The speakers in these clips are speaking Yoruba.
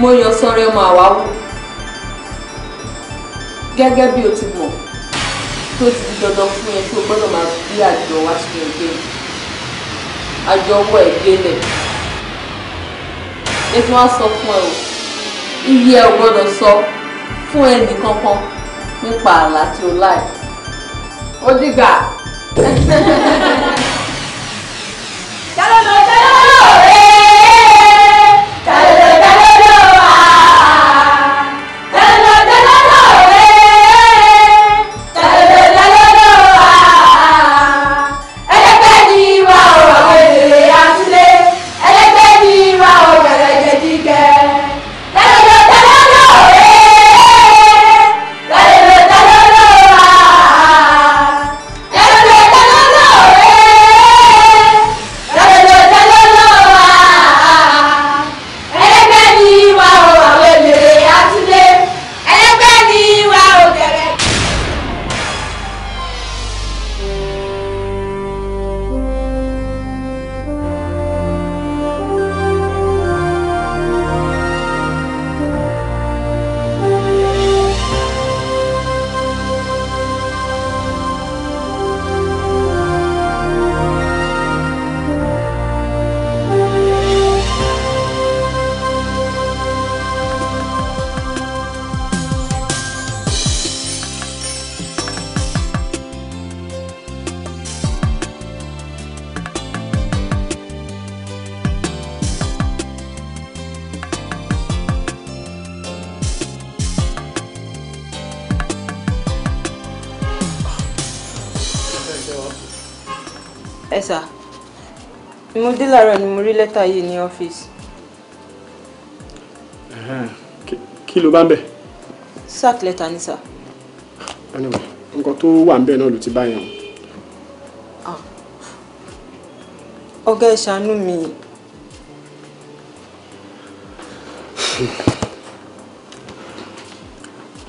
mo yan Sanre ọmọ àwáwò gẹ́gẹ́ bí o ti mọ̀ tó ti di dandan fún yẹn tó gbọ́dọ̀ máa bí àjọ wá sí ẹgbẹ́ àjọ ọwọ́ ẹ̀ délẹ̀ ètò wa sọ fún ẹ o iye ẹ ò gbọ́dọ̀ sọ fún ẹnì kankan nípa àlá tí o láì ó dìgbà. lẹ́tà yìí ní ọ́fíìsì. kí ló bá ń bẹ̀. sack lẹ́tà ni sà. anyway nǹkan tó wà ń bẹ̀ náà ló ti bá yẹn o. Ah. ọ̀gá ẹ̀ ṣàánú mi.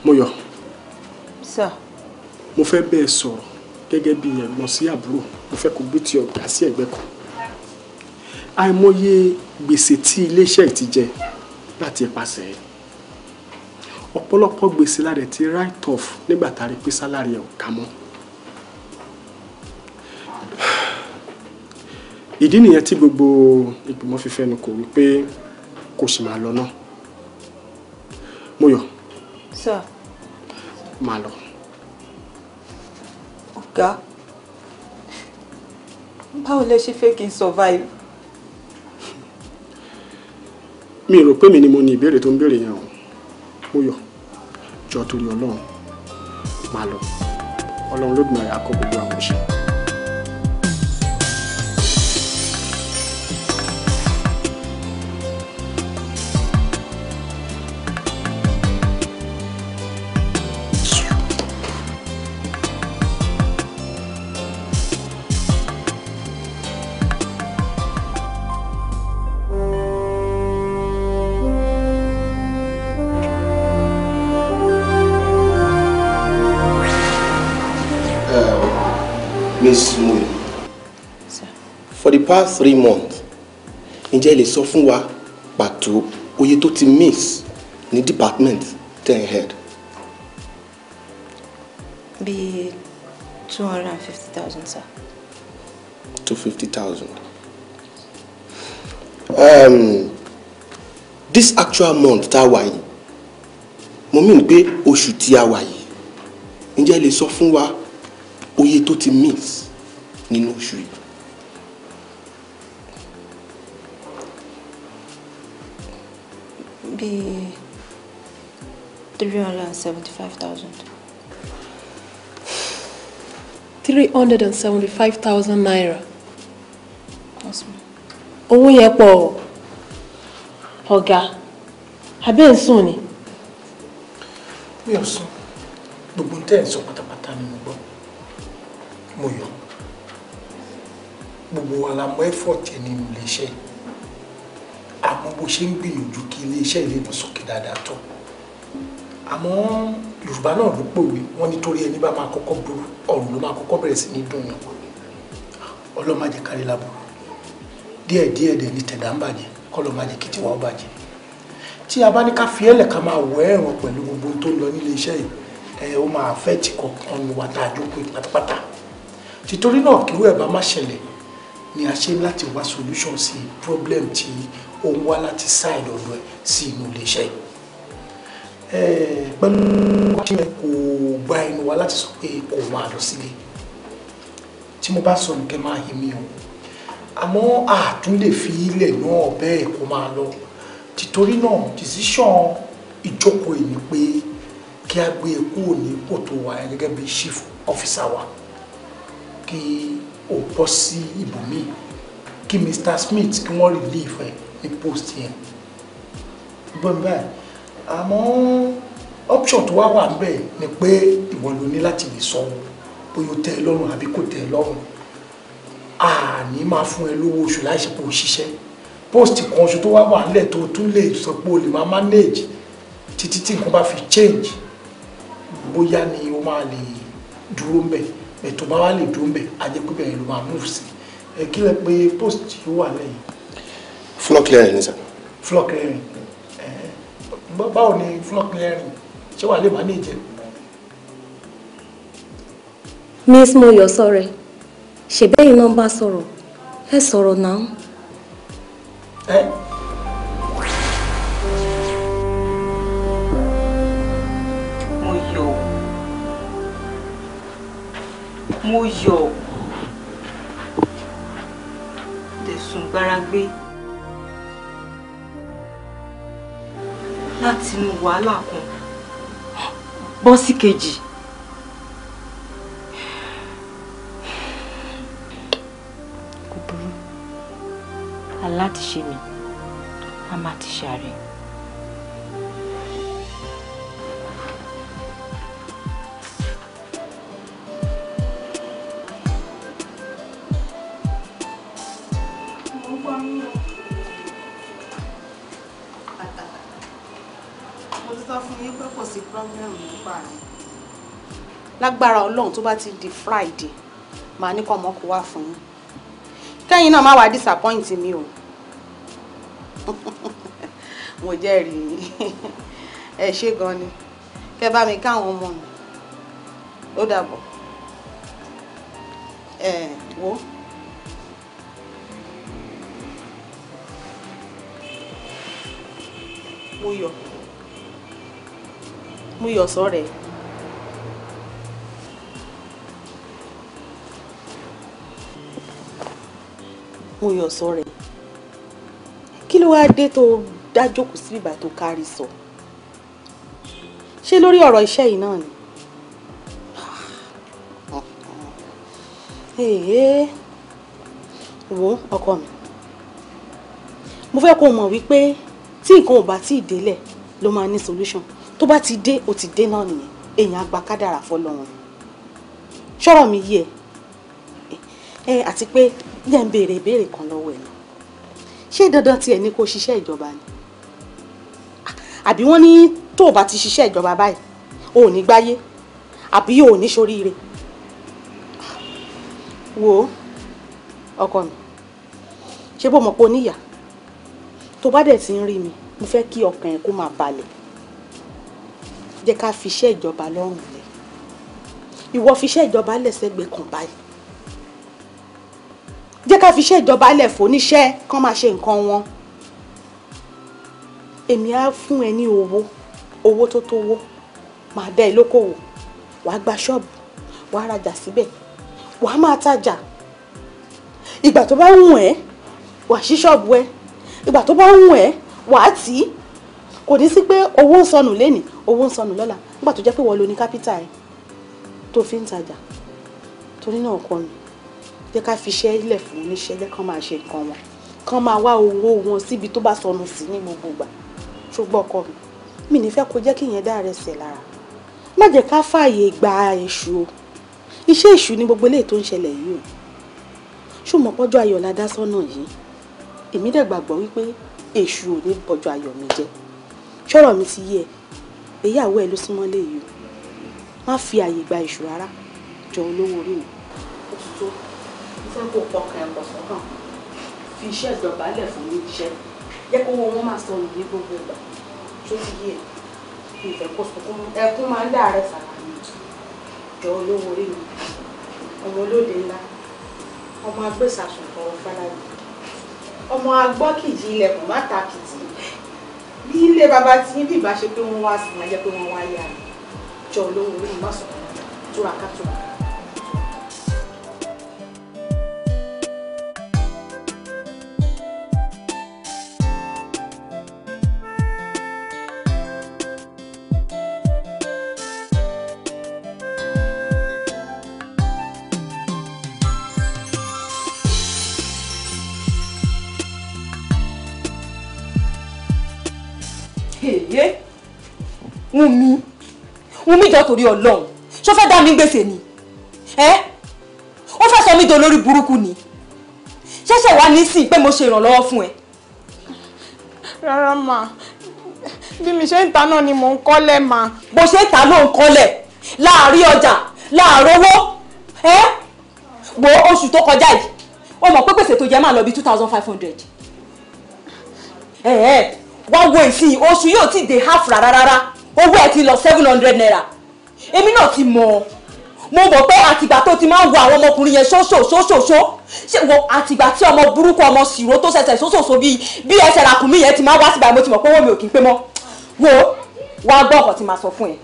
mo yọ. sà. mo fẹ́ bẹ́ẹ̀ sọ̀rọ̀ gẹ́gẹ́ bí ẹ̀gbọ́n sí àbúrò mo fẹ́ kó gbé ti ọ̀gá sí ẹ̀gbẹ́ kan àìmọye gbèsè tí iléeṣẹ́ ti jẹ láti ipasẹ̀ ọ̀pọ̀lọpọ̀ gbèsè la rẹ̀ ti write off nígbà tá a rí pé sálárì ẹ̀ ò ká mọ́. ìdí nìyẹn tí gbogbo ìgbìmọ̀ fi fẹnu kò wípé kò sì máa lọ náà mo yọ. sọ. máa lọ. ọ̀gá báwo lẹ ṣe fẹ́ kí n survive. mi rò pé mi ni mo ní ìbéèrè tó ń béèrè yẹn o mo yọ jọ torí ọlọ́run máa lọ ọlọ́run ló gbìmọ̀ gbogbo àwọn ìṣẹ̀lẹ̀. past three months ǹjẹ́ ẹ lè sọ fún wa pàtó oye tó ti miss ní department ten head. bíi two hundred and fifty thousand sir. two fifty thousand. Um, this actual month tá a wà yìí mo mìíràn pé oṣù tí a wà yìí ǹjẹ́ ẹ sọ fún wa oye tó ti miss nínú oṣù yìí. Be three hundred seventy-five thousand. three hundred seventy-five thousand naira. owó yẹn pọ̀ oga, abẹ́ ń sùn ni. mi ò sùn gbogbo tẹ́ ẹ̀ sọ pátápátá ni mo gbọ́ mo yọ gbogbo wa la mọ ẹ́fọ̀tì mo lè ṣe àmọ́ bó ṣe ń gbìyànjú kí iléeṣẹ́ ilé ìmọ̀sókè dáadáa tó àmọ́ yorùbá náà ló pòwe wọ́n nítorí ẹni bá máa kọ́kọ́ burú ọ̀run ló máa kọ́kọ́ bẹ̀rẹ̀ sí ní dùn yàn ọlọ́mọ ajẹ́ kárí láburú díẹ̀ díẹ̀ dẹ̀ ní tẹ̀dá ń bàjẹ́ kọ́lọ́ máa jẹ́ kí tiwa ó bàjẹ́ tí a bá ní ká fi ẹ̀lẹ̀ ká máa wọ ẹ̀ràn pẹ̀lú gbogbo tó ń lọ nílé iṣẹ́ ẹ̀ ó máa fẹ́ tì kọ̀ọ̀kan wa pátápátá tìtorí náà kí irú bá má ṣẹlẹ̀ ni a ṣe láti wá solution sí problem tí ó ń wá láti side ọ̀dọ̀ ẹ̀ sí inú iléeṣẹ́ yìí pẹ̀lú wáṣẹ́ kò gba ẹnu wa láti sọ pé kò máa lọ sílé tí mo bá sọ nǹkan máa yé mi o àmọ́ àtún lè fi ilẹ̀ náà bẹ́ẹ̀ kó máa lọ tìtorí náà decision ìjókòó yìí ni pé kí a gbé e kúrò ní kòtò wa gẹ́gẹ́ bí chief officer wa kí ò bọ́ sí ibòmíì kí Mr. Smith kí wọ́n relieve ẹ̀ ní post yẹn gbọ́n mi báyìí àmọ́ option tó wá wà níbẹ̀ ni pé ìwọ ló ní láti lè sọ bóyá ó tẹ́ ẹ lọ́rùn àbí kò tẹ́ ẹ lọ́rùn àní máa fún ẹ lówó oṣù láìsí pé o ṣiṣẹ́ post kan oṣù tó wá wà nílẹ̀ tó tún lè sọ pé o lè máa manage títí tí nǹkan bá fi change bóyá ni o máa lè dúró mbẹ̀ ètò bá wà lè dúró mbẹ ajẹkùbẹ yẹn ló máa move sí ẹ kí lẹ pé post yìí wà lẹ́yìn. floor clearing ni sir. floor clearing báwo ni floor clearing ṣé wàá lè manage. miss Mọ́yọ̀sọ́rẹ́ ṣèbẹ́yìn náà bá sọ̀rọ̀ ẹ sọ̀rọ̀ náà. ẹ mo yọ̀ dẹ̀sùn gbáragbé láti inú wàhálà kan bọ́ sí kejì. kò burú mi a máa ti ṣàárẹ̀. sọ fún yín pé kò sí problem lágbára ọlọ́run tó bá ti di friday màá ní kọ́ ọmọ kó wá fún yín kẹ́yìn náà má wàá disappoint mi o mo jẹ́rìí ẹ ṣé gan ni kẹ́ bá mi káwọn ọmọ mi ó dàbọ̀ ẹ wo. mo yọ̀ mú iyọ̀ sọ́rẹ̀. mú iyọ̀ sọ́rẹ̀. kí ló wáá dé tó dájókòó sí bíbá tó kárí sọ ṣé lórí ọ̀rọ̀ iṣẹ́ yìí náà ni. wo ọkọ mi mo fẹ́ kó mọ̀ wípé tí nǹkan ò bá tí ì délẹ̀ ló máa ní solution tó bá ti dé ó ti dé náà nìyẹn èèyàn àgbà kádàrà fọlọ́run ṣọ́rọ̀ mi yé ẹ ẹ àti pé yẹn ń béèrè ìbéèrè kan lọ́wọ́ ẹ̀ náà ṣé dandan tiẹ̀ ni kó ṣiṣẹ́ ìjọba ni àbí wọ́n ní tó o bá ti ṣiṣẹ́ ìjọba báyìí o ò ní gbáyé àbí o ò ní ṣoríire wo ọkọ mi ṣé bó mọ̀ pé o níyà tó bá dẹ̀ ti ń rí mi mo fẹ́ kí ọkàn ẹ̀ kó máa balẹ̀ jẹ́ ká fi iṣẹ́ ìjọba lọ́rùn lẹ̀ ìwọ fi iṣẹ́ ìjọba lẹ̀ sẹ́gbẹ̀ẹ́ kan báyìí jẹ́ ká fi iṣẹ́ ìjọba lẹ̀ fóníṣẹ́ kán máa ṣe nǹkan wọn èmi á fún ẹ ní owó owó tó tówó máa bẹ́ẹ̀ lókòwò wàá gba ṣọ́ọ̀bù wàá rajà síbẹ̀ wàá máa tajà ìgbà tó bá wù ẹ́ wàá ṣí ṣọ́ọ̀bù ẹ ìgbà tó bá wù ẹ́ wàá tì í kò ní sí pé owó ń sọnù lẹ́nìí owó ń sọnù lọ́la nígbà tó jẹ́ pé wọ́n lo ní kápítà ẹ̀ tó fi ń tajà torí náà kọ́ mi jẹ́ ká fi iṣẹ́ ilẹ̀ fún oníṣẹ́ jẹ́ kán máa ṣe nǹkan wọn kán máa wá owó wọn síbi tó bá sọnù sí ní gbogbo ìgbà ṣùgbọ́n ọkọ mi mi ní kó jẹ́ kí ìyẹn dá rẹ̀ sẹ̀ lára má jẹ́ ká fààyè gba èṣù o iṣẹ́ èṣù ni gbogbo eléyìí tó ń ṣẹlẹ̀ yìí o ṣùgbọ́n pọ́jọ́ ayọ̀ la dá sọ́nà yìí èmi dẹ̀ gbàgbọ́ wípé èṣù ò ní pọ́jọ́ ayọ̀ mi jẹ́ ṣọ́rọ̀ mi ti yé ẹ ìyàwó ẹ ló súnmọ́ léyìí o má fi àyè gba ìṣù rárá jọ olówó orí o òtútù mo fẹ́ kó pọkàn ẹ̀pọ̀ sọ́kàn fi iṣẹ́ ìdọ̀bálẹ̀ fún mi jẹ́ jẹ́ kó wọn máa sọ ọ̀nà ní gbogbo ìgbà tó ti yé ẹ ìfẹ́ kó sọ fún ẹkún máa ń dàrẹ́ sàrà mi jọ olówó orí mi ọmọ olóde ńlá ọmọ agbésàsùn kọ̀ọ̀ fáráyé ọmọ agbọ́kìjì ilẹ̀kùn má ilé bàbá tí yín bí ìbá ṣe pé wọ́n wá sùn máa jẹ́ pé wọ́n wá yá jọ lówó orí ìmọ̀sán túraká túraká. Wùnmí Wùnmí jọ torí Ọlọ́run ṣó fẹ́ dá mi gbèsè ni ẹ́ ó fẹ́ sọ mí di olórí burúkú ni ṣẹ̀ṣẹ̀ wá ní sí pé mo ṣe ìrànlọ́wọ́ fún ẹ. rárá mà bí mi ṣe ń ta náà ni mò ń kọ́lẹ̀ mà. bó ṣe ń ta ló ń kọ́lẹ̀ láàárín ọjà láàárọ̀ owó ẹ́ wo oṣù tó kọjá yìí ó mọ̀ pé gbèsè tó jẹ́ máa lọ bí two thousand five hundred wá wo ìsìn oṣù yóò ti dé half rárá rárá owó ẹ̀ ti lọ seven hundred naira èmi náà ti mọ̀ ọ́ mo mọ̀ pé àtìgbà tó ti máa ń wo àwọn ọmọkùnrin yẹn ṣóṣòṣóṣòṣó ṣé wo àtìgbà tí ọmọ burúkú ọmọ ṣìró tó ṣẹ̀ṣẹ̀ ṣóṣòṣò bíi bí ẹsẹ̀ ràkúnmí yẹn ti máa wá síbàá mo ti mọ̀ pé owó mi ò kí n pé mọ́ wo wàá gbọ́ ọ̀kọ̀ tí màá sọ fún ẹ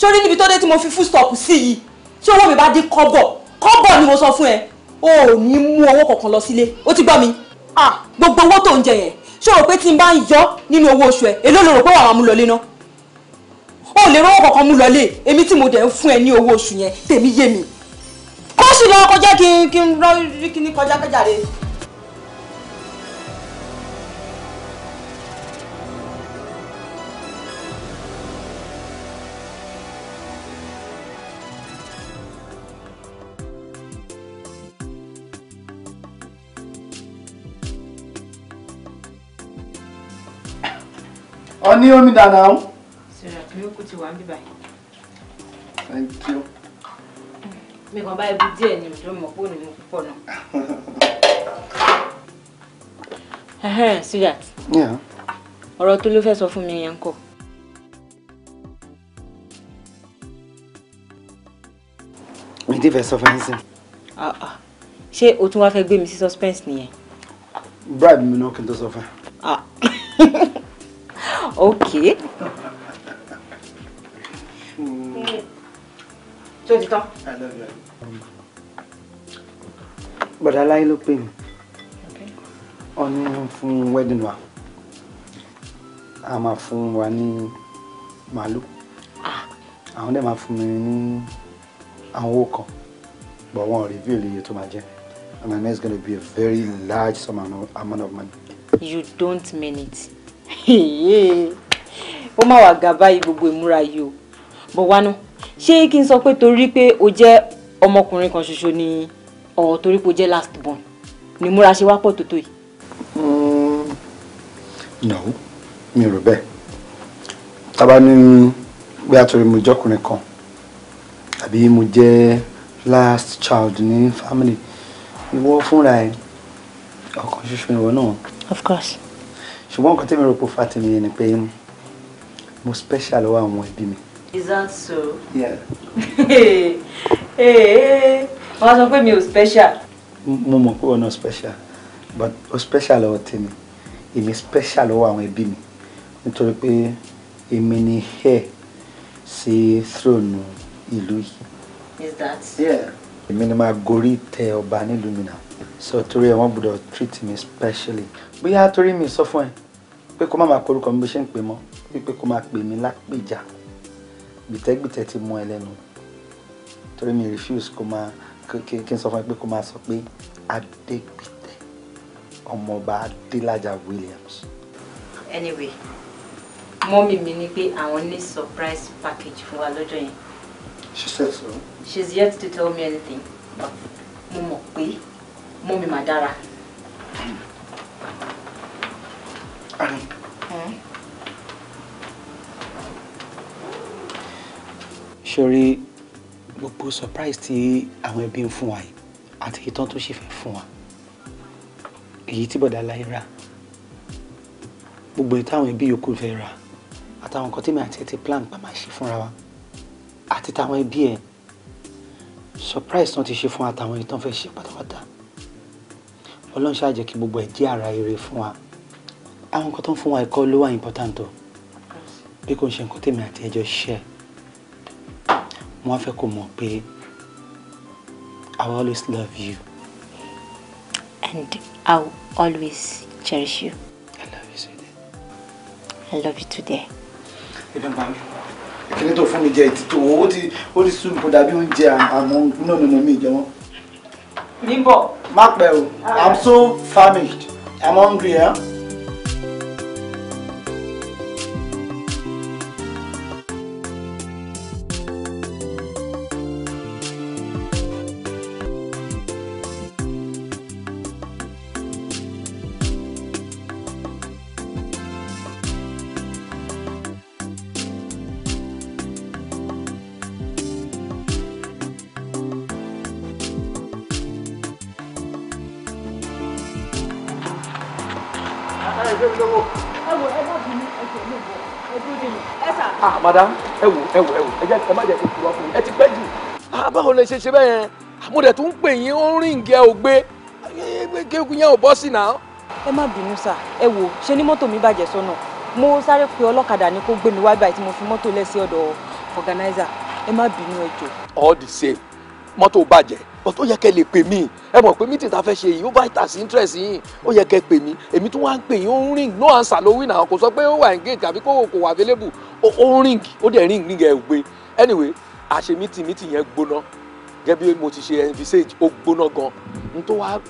sórí níbi tó dé tí mo fi full stop sí yìí tí owó mi bá dín kọ́bọ̀ kọ́bọ̀ ni mo sọ fún ẹ o ò ní mú owó kankan lọ sílé ó ti gbọ́ mi ah gbogbo owó tó ń jẹ yẹn ṣòro pé tí n bá ń yọ nínú owó oṣù ẹ èló lo rò pé wàá mú lọ lé náà o lè rówó kankan mú lọlé èmi tí mo dẹ̀ ń fún ẹ ní owó oṣù yẹn tèmi yé mi kó sì lọ kọjá kí n kí n rọ rí kí n kọjá kẹjàre. ọ ní omi dànù àwọn mi ó kú ti thank you. mi kàn bá ibi díẹ̀ ni òjò mọ̀ pé òní mo púpọ̀ náà. sweetheart. ọ̀rọ̀ tó ló fẹ́ sọ fún mi yẹn ń kọ́. mi ti fẹ́ sọ fún yín ah, ah. ṣé o tún wá fẹ́ gbé mi sí suspense nìyẹn. bribe mi náà kí n tó sọ fún ẹ. Ah. ok you. I love you. Bọ̀dá Láyé ló pè mí. Ọní fún wedding wa. A máa fún wa ní màálù. Ah. Àwọn dẹ̀ máa fún mi But wọn ò reveal iye tó máa jẹ́. And my next gonna be a very large sum amount of money. You don't mean it. Ó máa wà gàbá yìí gbogbo ìmúra yìí bọ̀ wánú ṣé kí n sọ pé torí pé o jẹ́ ọmọkùnrin kan ṣoṣo ni ọ̀ torí pé o jẹ́ last born ni múra ṣe wá pọ̀ tó yìí. Mm, no mi ò rò bẹ́ẹ̀ tábà ní bí àtúrò mo jọkùnrin kan àbí mo jẹ́ last child ní family ìwọ fúnra ẹ ọkàn ṣoṣo ìwọ náà. of course. ṣùgbọ́n nǹkan tí mi rò pé fàtìmí ni pé mo special lọ́wọ́ àwọn ẹbí mi. Is that so? Yeah. hey, hey, wọ́n sọ pé mi ò special. Mo mọ̀ pé o no special but o special lọ́wọ́ tèmi èmi special lọ́wọ́ àwọn ẹbí mi nítorí pé èmi ni heir sí throne ìlú yìí. Is that? Yeah. Èmi ni màá gorí tẹ ọba nílùú mi náà so torí ẹ wọ́n gbọ́dọ̀ treat me specially bóyá torí mi sọ fún ẹ pé kó má máa korúkọ mi bó ṣe ń pè mọ́ pé kó máa pè mí lápèjà gbìtẹ́gbìtẹ́ ti mú ẹ lẹ́nu torí mi refuse kó máa kí n sọ fún ẹ pé kó máa sọ pé adégbìtẹ́ ọmọọba adélájà Williams. anyway mọ́mì mi ní pé àwọn ní surprise package fún wa lọ́jọ́ yẹn. she said so. she's yet to tell me anything but mo mọ̀ pé mọ́mì mà dára. Hmm. sori gbogbo surprise tí àwọn ẹbí ń fún wa yìí àti ìtàn tó ṣe fẹ́ fún wa èyí tí bọ̀dá láyé rà gbogbo ìtàwọn ẹbí yòókù fẹ́ rà àtàwọn nǹkan tèmi àti ẹ ti plan pa máa ṣe fúnra wa àti táwọn ẹbí ẹ surprise tán ti ṣe fún wa àtàwọn ìtàn fẹ́ ṣe pátápátá ọlọ́run ṣáà jẹ́ kí gbogbo ẹ̀ jẹ́ ara ire fún wa àwọn nǹkan tó ń fún wa ẹ̀kọ́ ló wà important o bí kò ń ṣe nǹkan tèmi àti ẹjọ́ ṣe mo wá fẹ́ kó mọ̀ pé I will always love you. And I will always cherish you. I love you, today. I love you today. Ẹ bá mi. Ìkíní tó fún mi jẹ ìtìtò owó tí ó ti sún kò dàbí oúnjẹ àmọ́ náà ni mo mí ìjẹun. Má pẹ́ o, I'm so famished, I'm hungry. Eh? ẹgbẹ́ mi lọ́wọ́. ẹ wo ẹ bá bí mi ẹgbẹ́ mi bọ̀ ẹ dúró dé mi ẹ sà. ah madam ẹ wo ẹ wo ẹ wo ẹ jẹ ẹ má jẹ kó kúrò fún mi ẹ ti pẹ́ jù. Ah, báwo lè ṣe ṣe bẹ́ẹ̀ yẹn ah, mo dẹ̀ tún ń pè yín ó ń rìn gẹ́ ò gbé kékun yẹn ò bọ́ sí náà. ẹ má bínú sà ẹ wo ṣe ni mọ́tò mi bàjẹ́ sọ́nà mo sáré pe ọlọ́kadà ni kó gbé mi wáyé báyìí tí mo fi mọ́tò lẹ̀ sí ọ̀dọ̀ organizer ẹ má bínú ẹ jọ̀ọ́. all the same mọ́tò bàjẹ́ but ó yẹ kẹ́ lè pè mí ẹ mọ̀ pé meeting ta fẹ́ ṣe yìí ó bá ìtàsí interest yìí ó yẹ kẹ́ pè mí èmi tún wá ń pè yín ó ń ring no answer ló win àwọn kò sọ pé ó wà engage tàbí kò kò wà available ó ń ring ó dẹ̀ ring ring ẹ̀ gbé anyway àṣe meeting meeting yẹn gbóná gẹ́gẹ́ bí mo ti ṣe envisage ó gbóná gan n tó wá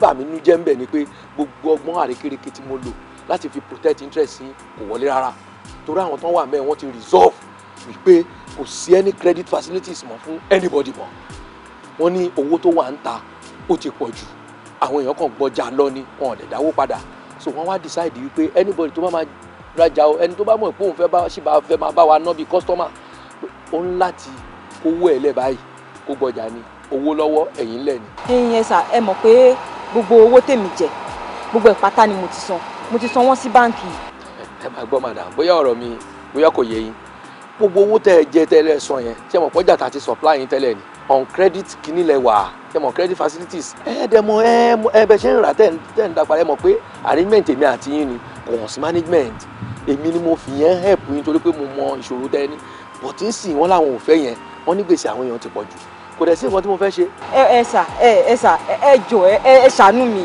bà mí nú jẹ́ ń bẹ̀ ni pé gbogbo ọgbọ́n àrékérekè tí mo lò láti fi protect interest yín kò wọlé rárá torí àwọn tán wà mẹ́ẹ̀ wọ́n ti resolve wípé kò sí any credit facilities mọ́ fún anybody mọ́ wọ́n ní owó tó wà ń ta ó ti pọ̀ jù àwọn èèyàn kan gbọ́jà lọ ni wọn ò lè dáwó padà so wọ́n wá decide wípé anybody tó bá máa rajà o ẹni tó bá mọ̀ pé òun fẹ́ bá ṣì bá fẹ́ máa bá wa ná bíi customer ó ń láti kówó ẹ̀ lẹ̀ báyìí kó gbọ́jà ni owó lọ́wọ́ ẹ̀yìn lẹ̀ ni. ìyẹn sà ẹ mọ̀ pé gbogbo owó tèmi jẹ gbogbo ẹ̀ ni mo ti san mo ti san wọ́n sí báǹkì. ẹ máa gbọ́ madam bóyá ọ̀rọ̀ mi bóyá kò yé yín gbogbo owó tẹ́ ẹ jẹ tẹ́lẹ̀ san yẹn ṣé mọ̀ pọ́jà tá ti supply yín tẹ́lẹ̀ ni on credit kini lẹ wà tẹ mọ credit facilities ẹ dẹ mọ ẹ ẹ bẹ ṣe ń rà tẹ tẹ ń dapò ẹ mọ pé arrangement èmi àti yín ni kò management èmi ni mo fi yẹn help yín torí pé mo mọ ìṣòro tẹ but ń sìn wọn làwọn ò fẹ́ yẹn wọn ní gbèsè àwọn èèyàn ti pọ̀ jù kò dẹ̀ sí nǹkan tí mo fẹ́ ṣe. ẹ ẹ sà ẹ ẹ sà ẹ jọ ẹ ẹ ṣàánú mi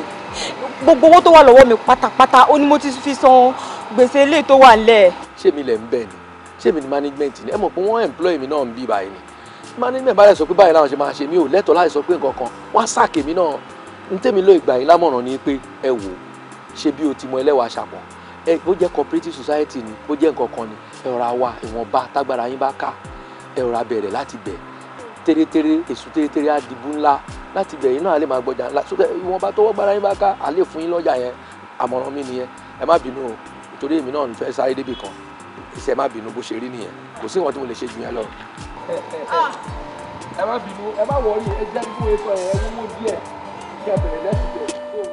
gbogbo owó tó wà lọ́wọ́ mi pátápátá ó ní mo ti fi san gbèsè ilé tó wà nílẹ̀. ṣé mi lẹ̀ ń bẹ̀ ni ṣé mi ni management ni ẹ mọ̀ pé wọ́n employ mi náà ń bí báyìí ni management bá lè sọ pé báyìí làwọn ṣe máa ṣe mí ò lẹ́tọ̀ọ́ láì sọ pé nǹkan kan wọ́n á sáàkì mí náà n tèmi ló ìgbà yín lámọ̀ràn ni pé ẹ wò ó ṣe bí o ti mọ ẹlẹ́wàá ṣàpọ̀ ẹ bó jẹ́ cooperative society ni bó jẹ́ nǹkan kan ni ẹ rọra wa ìwọ̀nba tágbára yín bá ká ẹ rọra bẹ̀rẹ̀ láti bẹ̀ tẹ́rẹ́tẹ́rẹ́ èso tẹ́rẹ́tẹ́rẹ́ àdìbò ńlá láti bẹ̀ yín náà lè máa gbọ́jà ńlá sókè ìwọ̀nba tọwọ́ gbára yín bá ká àlè fún yín lọ́jà yẹn àmọ̀ràn mi nìyẹn ẹ má o nítorí èmi náà fẹ́ sáré débì kan ìṣe má bínú Ah. ẹ má bínú ẹ má wọrí ẹ jẹ́ kó epo ẹ̀ ẹ wúwo díẹ̀ kí ẹ bẹ̀rẹ̀ lẹ́sìn bẹ̀rẹ̀.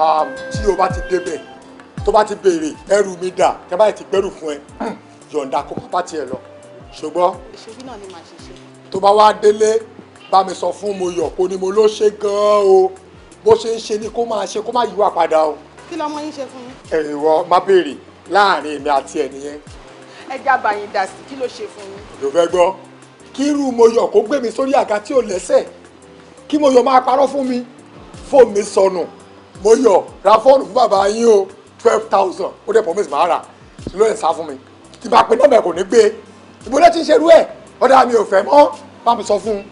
Ah, tí o bá ti débẹ̀ tó bá ti béèrè ẹrù mi dà tẹ́ báyìí ti gbẹ́rù fún ẹ yọ̀ǹda kó pápá tiẹ̀ lọ ṣùgbọ́n tó bá wá délé bá mi sọ fún mo yọ̀ kó ni mo ló ṣe gan-an o bó ṣe ń ṣe ni kó máa ṣe kó máa yíwà padà o. kí lọmọ yín ṣe fún yín. ẹ̀rọ má béèrè láàrin èmi àti ẹ̀ nìyẹn. ẹ jábàá yín dà sí kí ló ṣe fún yín. ló fẹ́ gbọ́ kí irú mo yọ kó gbé mi sórí àga tí ò lẹ́sẹ̀ kí mo yọ máa parọ́ fún mi fóònù mi sọnù mo yọ ra fóònù fún bàbá yín o twelve thousand ó dẹ̀ promise máa rà ló ẹ̀ sá fún mi tí bá pe nọ́mbà kò ní gbé ìbúdó ti ń ṣerú ẹ̀ ọ̀dà mi ò fẹ́ mọ́ bá mi sọ fún un.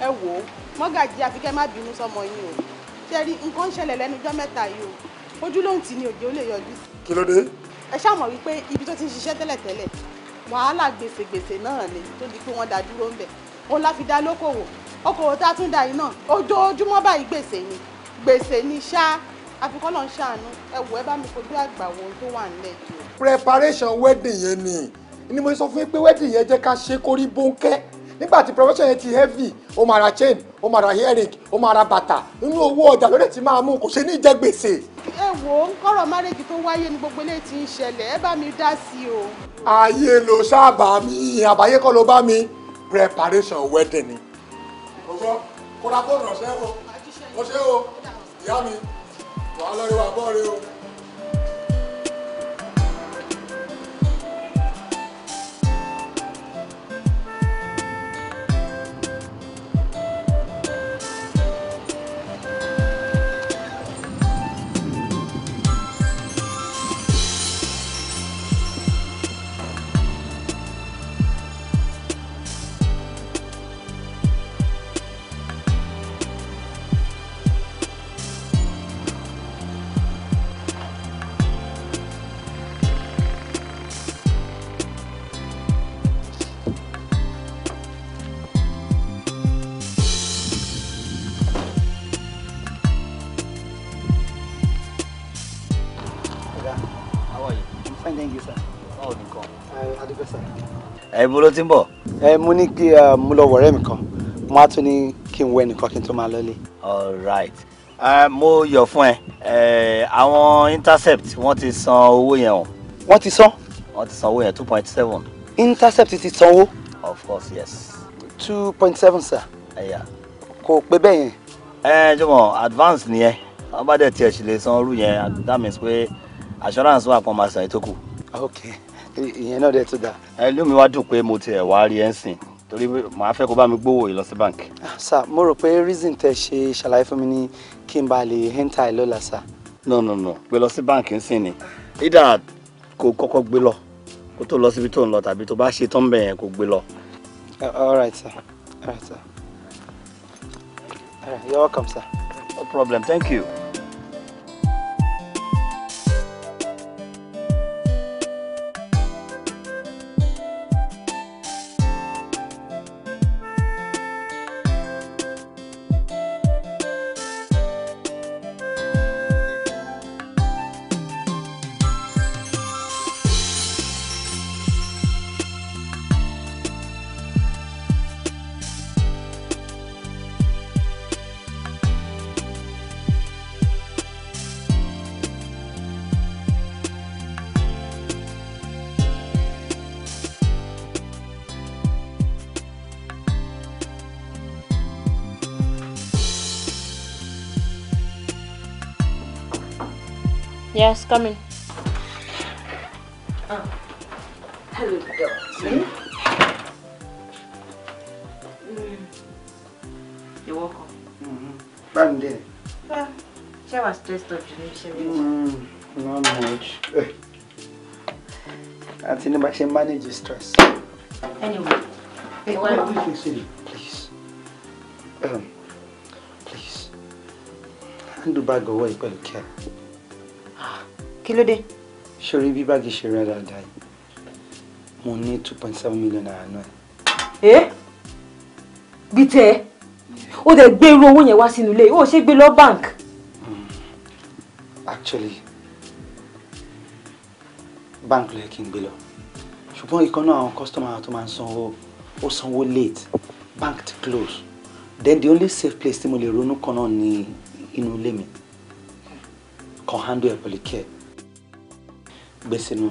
ẹ wò ó mọ́gàjí àfi kẹ́ má bínú sọmọ yín o ṣe rí nǹkan ń ṣẹlẹ̀ lẹ́nu ọjọ́ mẹ́ta yìí o ojú lóhùn tí ni òjò ó lè yọjú sí. kí ló dé. ẹ ṣàmọ̀ wípé ibi tó ti ń ṣiṣẹ́ tẹ́lẹ̀tẹ́lẹ̀ wàhálà gbèsè gbèsè náà ni tó di pé wọ́n dá dúró ń bẹ̀ òun la dá lókòwò okòwò tá a tún dá yìí náà ojoojúmọ́ báyìí gbèsè ni gbèsè ni ṣá àfikọ́ lọ́n ṣàánú ẹ wò ẹ bá mi fojú àgbà wo tó wà nílẹ̀ yìí. preparation wedding yẹn ni ni mo sọ fún yín pé wedding yẹn jẹ́ ká ṣe kórí bóńkẹ́ nígbà tí profession yẹn ti heavy o chain o máa ra earring o máa ra bàtà nínú owó ọjà lórí ti máa mú kò ṣe ní jẹ gbèsè. ẹ wo nkọrọ márèjì tó wáyé ní gbogbo ilé tí ń ṣẹlẹ̀ ẹ bá mi dá sí o. ayé ló sábà mi àbáyé kọ́ ló bá mi preparation wedding ni. o gbọ́ kóra kó ràn ṣẹ́ o o ṣe o ìyá mi wàá lọ́ọ́ wa bọ́ọ̀rẹ́ o. ẹ bó ló ti ń bọ̀. ẹ ní kí mo lọ wọ̀rẹ́ mi kan mo á tún ní kí n wẹ nìkan kí n tó máa lọlé. all right mo yọ̀ fún ẹ àwọn intercept wọ́n ti san owó yẹn o. wọ́n ti san. wọ́n ti san owó yẹn two point seven. intercept ti sanwó. of course yes. two point seven sir. ẹ̀yà. kò pé bẹ́ẹ̀ yẹn. ẹ jọmọ advance nìyẹn wọn bá dẹ̀ tiẹ̀ sì lè san irú yẹn that means pé assurance wà pọ̀ máa san ètò kù. okay ìyẹn náà dẹ̀ tó dáa. ẹ lómi wá dùn pé mo tiẹ̀ wá rí ẹ̀ ń sìn torí màá fẹ́ kó bá mi gbówó ìlọ sí bank. Ah, sir mo rò pé reason tẹ ṣe ṣàlàyé fún mi ni kí n bá lè hẹ́ńtà ẹ̀ lọ́la sir. no no no gbé lọ sí bank ń sìn ni either kó kọ́kọ́ gbé lọ kó tó lọ síbi tó ń lọ tàbí tó bá ṣe tán bẹ̀ yẹn kó gbé lọ. Ah, all right sir all right sir all right, you're welcome sir. no problem thank you. Yes, come in. Oh. Hello, darling. Mm. Hmm. You're welcome. Mm-hmm. Bande. Yeah. She was stressed of you know, she was. Mm, not much. Auntie, no, but she manages stress. Anyway. Hey, what do you think, Please. Um, please. Hand the bag away, but care kí ló dé. sori bí báàgì ṣe rẹ dáadáa yìí mo ní two point seven million naira náà. ẹ bí tẹ ẹ o dẹ gbé irú owó yẹn wá sínú ilé o ṣe gbé lọ bank. Hmm, actually bank ló yẹ kí n gbé lọ ṣùgbọ́n ìkànnà àwọn kọ́sítọ́mà tó máa ń sanwó ó sanwó late bank ti close then the only safe place tí mo lè ronú kan náà ni inú ilé mi kan handle ẹ̀ pẹ̀lú care gbé sínú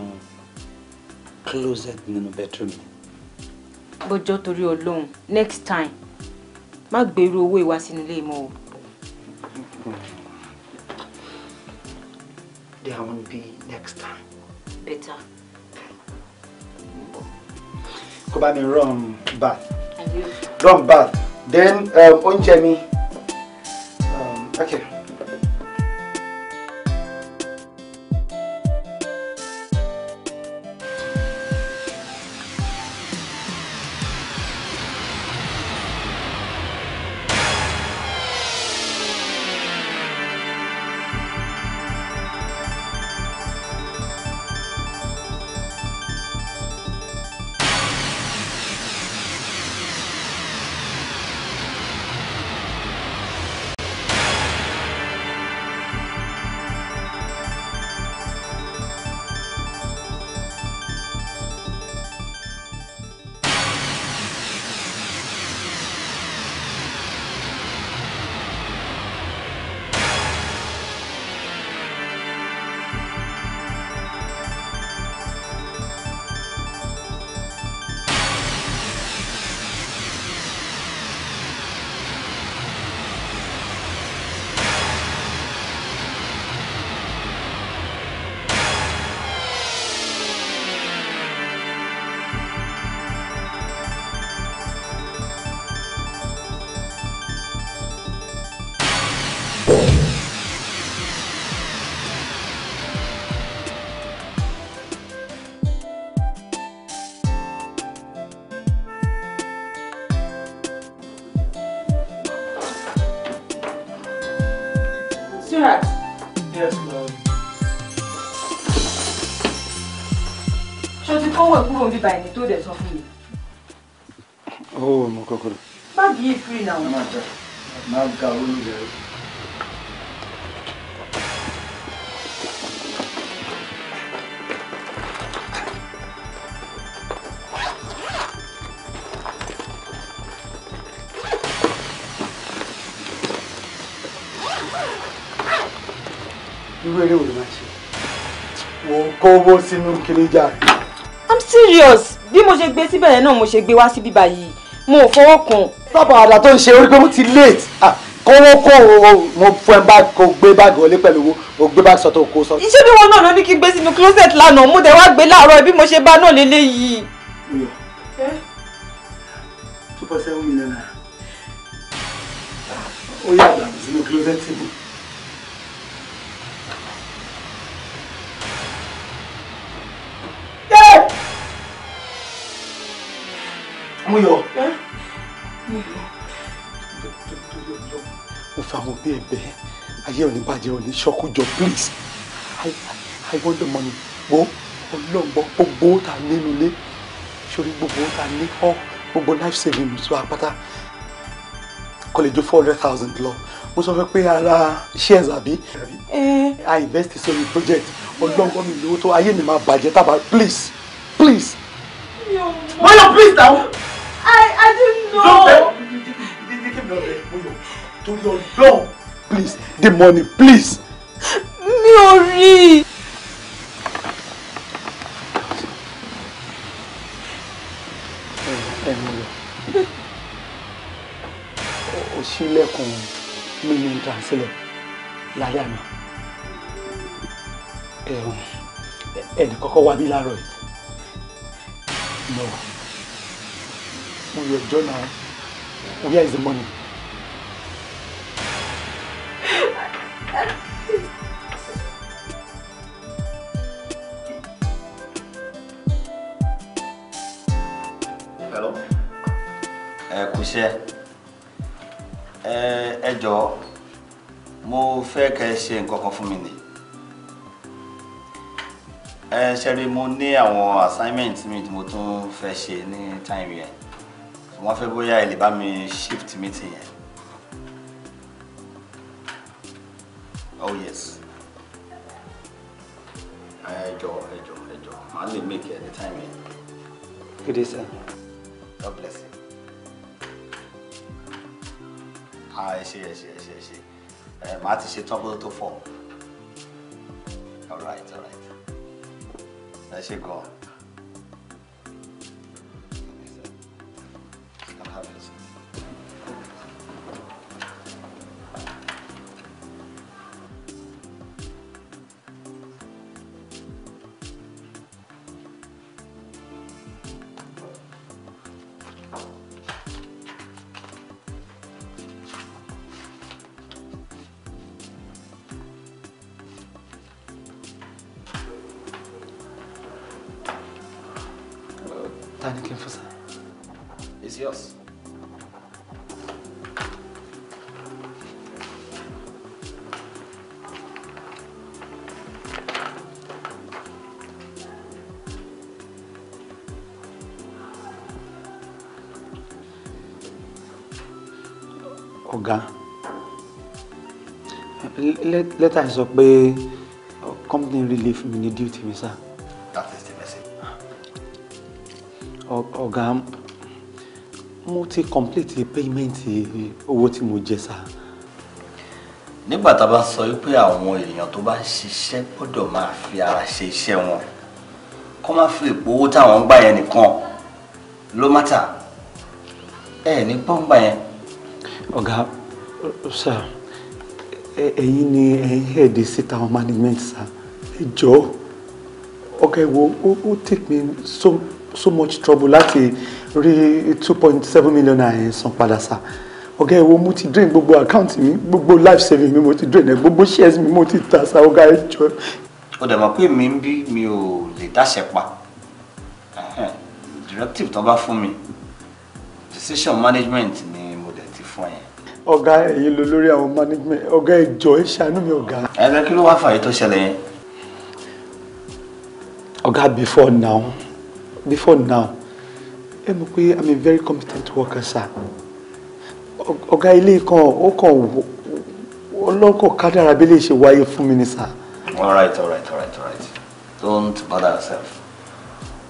closet nínú bedroom mi. bójọ́ torí ọlọ́run next time má gbèrú owó ìwá sínú ilé mọ́ o. there won't be next time. better. kó bá mi run bath run bath then um, oúnjẹ mi. Um, okay. kiri jà. i'm serious bí mo ṣe gbé síbẹ̀ yẹn náà mo ṣe gbé wá síbí báyìí mo ò fọwọ́ kan. sábà àdá tó ń ṣe orí pé mo ti late ah, kówó kó o mo fún ẹ báàgì kó gbé báàgì wọlé pẹ̀lú owó o gbé báàgì sọ́tọ̀ kó sọ. iṣẹ́ bí wọn náà ló ní kí n gbé sínú closet lánàá mo tẹ̀ wá gbé láàárọ̀ bí mo ṣe bá náà lélẹ́yìí. mo yọ. mo fa àwọn òbí ẹ bẹ ayé ò bàjẹ́ ò ní please i i want the money wo ọlọ́gbọ́n gbogbo ta nínú ilé sórí gbogbo ta ní ọ gbogbo life savings wa pátá kọlẹ̀jọ four hundred thousand lọ mo sọ fẹ́ pé ara shares àbí i eh. invest in sórí project ọlọ́gbọ́n mi lówó tó ayé mi máa bàjẹ́ tábà please please. wọ́n yọ please dáwọ́. I didn't know. Please, the money, please. Mi ò rí. O ṣílẹ̀kùn mílíọ̀nù tàǹsílẹ̀ lálẹ́ àná. Ẹ̀rùn ẹnì kọ́kọ́ wá bí láàárọ̀ yìí. No from your journal. Where is the money? Hello? Eh, kú Eh, eh ẹ jọ̀ọ́, mo fẹ́ kẹ́ ẹ ṣe nǹkan mi ni. Ẹ ṣẹ́rí mo ní àwọn assignment mi tí mo tún fẹ́ ṣe ní time yẹn wọ́n fẹ́ bóyá ẹ lè bá mi shift meeting yẹn. oh yes ẹ jọ̀ọ́ ẹ jọ̀ọ́ ẹ jọ̀ọ́ màá lè make any time yẹn. good day sir. god bless you. ah ẹ ṣe ẹ ṣe ẹ ṣe ẹ ṣe ẹ màá ti ṣe tán kó tó fọ all right all right ẹ ṣe gan-an. ọ̀gá lẹ́tà sọ pé uh, company relief mi ní duty mi sir. that is the message. ọ̀gá mo ti complete payment owó tí mo jẹ sir. nígbà tá a bá sọ pé àwọn èèyàn tó bá ń ṣiṣẹ́ gbọ́dọ̀ máa fi ara ṣe iṣẹ́ wọn kó má fi ìpowó táwọn ń gbà yẹn nìkan ló má ẹ ní pọ́ńgbà yẹn ọ̀gá sà ẹ̀yin ni ẹ̀yin ẹ̀dẹ̀ síta àwọn management sà ẹ jọ̀ọ́ ọ̀gá ẹ wo ó take me so so much trouble láti rí two point seven million naira yẹn san padà sà ọ̀gá ẹ wo mo ti drain gbogbo account mi gbogbo life saving mi mo ti drain ẹ gbogbo shares mi mo ti tà sà ọ̀gá ẹ jọ̀ọ́. ó dẹ̀ mọ̀ pé mi ń bí mi ò lè dáṣẹ́ pa directive tó bá fún mi decision management ni fún ẹ. ọ̀gá ẹ̀yin ló lórí àwọn management ọ̀gá ẹ̀jọ̀ ẹ̀ ṣàánú mi ọ̀gá. ẹgbẹ́ kí ló wá fàyè tó ṣẹlẹ̀ yẹn. ọ̀gá before now before now ẹ mọ̀ pé i'm a very competent worker sir ọ̀gá ilé kan ó kàn ọlọ́kọ̀ kádàrà bí lè ṣe wáyé fún mi ni sir. all right all right all right all right don't bother yourself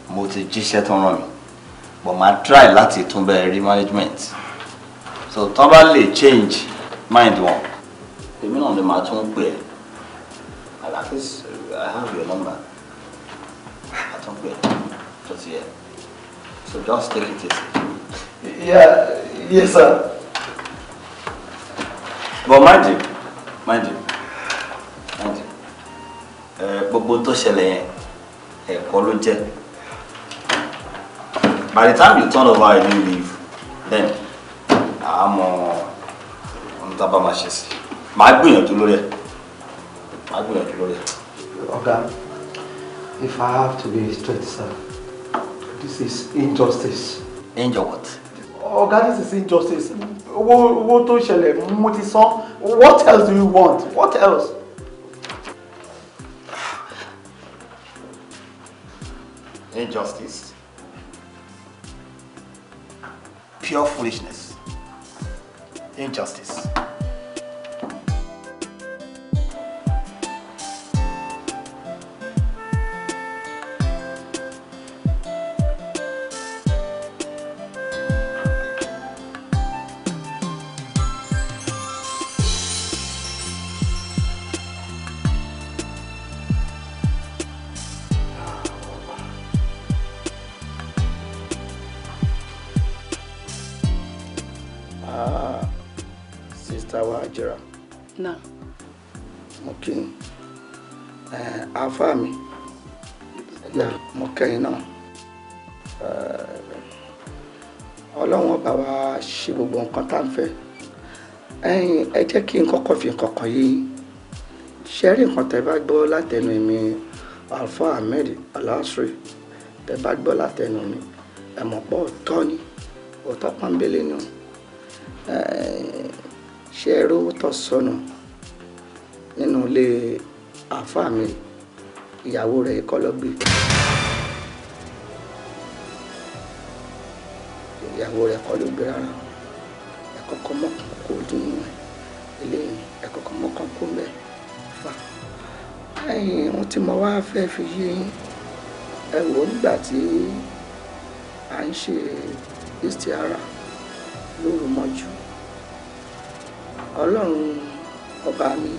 mo ti jíṣẹ́ tó ń ràn mí but máa try láti tún bẹ́ẹ̀ rí management so tó bá lè change mind wọn èmi náà lè máa tún pè ẹ́ at least uh, I have your number I tún pè ẹ́ tó ti yẹ so just take it easy. yeah yes sir. but mind you mind you mind you eh, gbogbo tó ṣẹlẹ̀ yẹn ẹ̀kọ́ ló jẹ́ by the time you turn over a new leaf then àmọ́ ohun tá a bá máa ṣe sí máa gbìyànjú lórí ẹ̀ máa gbìyànjú lórí ẹ̀. ọ̀gá if I have to be straight sir this is injustice. injure what? ọ̀gá this is injustice owó owó tó ṣẹlẹ̀ mo ti san what else do you want what else. injustice, pure foolishness. Injustice now. mo kí ni àáfàá mi mo kẹ́yìn náà ọlọ́run ọba wa ṣe gbogbo nǹkan tá à ń fẹ́ ẹ jẹ́ kí n kọ́kọ́ fi kọ̀ọ̀kan yìí ṣe rí nǹkan tẹ́ bá gbọ́ látẹnu mi Alfa Ahmed Alasri tẹ́ bá gbọ́ látẹnu mi ẹ̀mọ̀pọ̀ ọ̀tọ́ ni ọ̀tọ́ pọ́nbélé ni ṣe é rówó tó sọnù nínú ilé àáfàá mi ìyàwó rẹ̀ kọ́ lọ gbé ìyàwó rẹ̀ kọ́ ló gbé rárá ẹ kọ́kọ́ mọ́kàn kó dùnú ẹ eléyìí ẹ kọ́kọ́ mọ́kàn kó mẹ́ fà ẹ̀yìn ohun tí mo wá fẹ́ fi yé ẹ wò nígbà tí à ń ṣe istiara lóru mọ́jú ọlọ́run ọba mi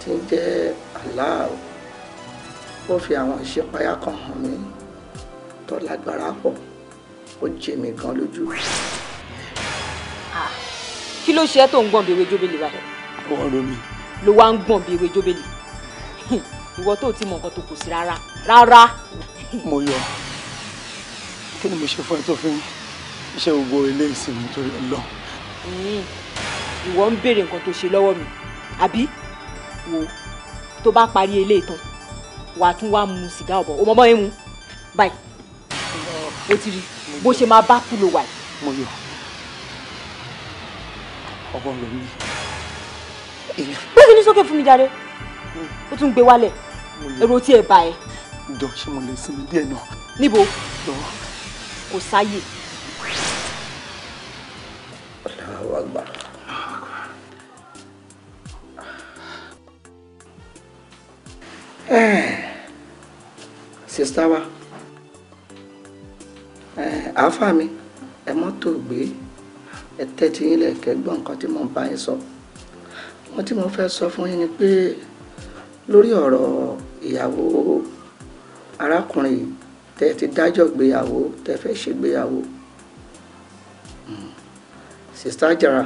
tí ń jẹ́ aláà ó fi àwọn ìṣípayá kan hàn mí tó lágbára pọ̀ ó jẹ mí gan lójú. Ah, kí ló ṣe é tó ń gbọ̀n bí ewé jóbélé báyìí. àwọn ọ̀rọ̀ mi. ló wá ń gbọ̀n bí ewé jóbélé ìwọ tó ti mọ nǹkan tó kù sí rárá rárá. mo yọ kí ni mo ṣe fún ẹ tó fi ń gbogbo ilé ìsìn nítorí Ọlọ́run ìwọ ń béèrè nǹkan tó ṣe lọ́wọ́ mi àbí wo tó bá parí eléyìí tán wàá tún wá mu sìgá ọ̀bọ̀ o mọ́mọ́ yín mu báyìí o ti rí bó ṣe máa bá kú ló wà yìí. mo yọ ọbọ rẹ mi. bí o ti ní sókè fún mi jáde o tún gbé wálẹ̀ èrò tí ẹ bá ẹ. jọ ṣé mo lè sinmi díẹ̀ náà. níbo kò sáyè. Allahu Akbar. Eh. sista wa àáfàá eh, mi ẹ mọ́tò gbé ẹ tẹ́tí yín lẹ́ẹ̀kẹ́ gbọ́ nǹkan tí mò ń bá yín sọ wọ́n tí mo fẹ́ sọ fún yín ni pé lórí ọ̀rọ̀ ìyàwó arákùnrin tẹ́ ti dájọ́ gbéyàwó tẹ́ fẹ́ ṣe gbéyàwó hmm. sista Jara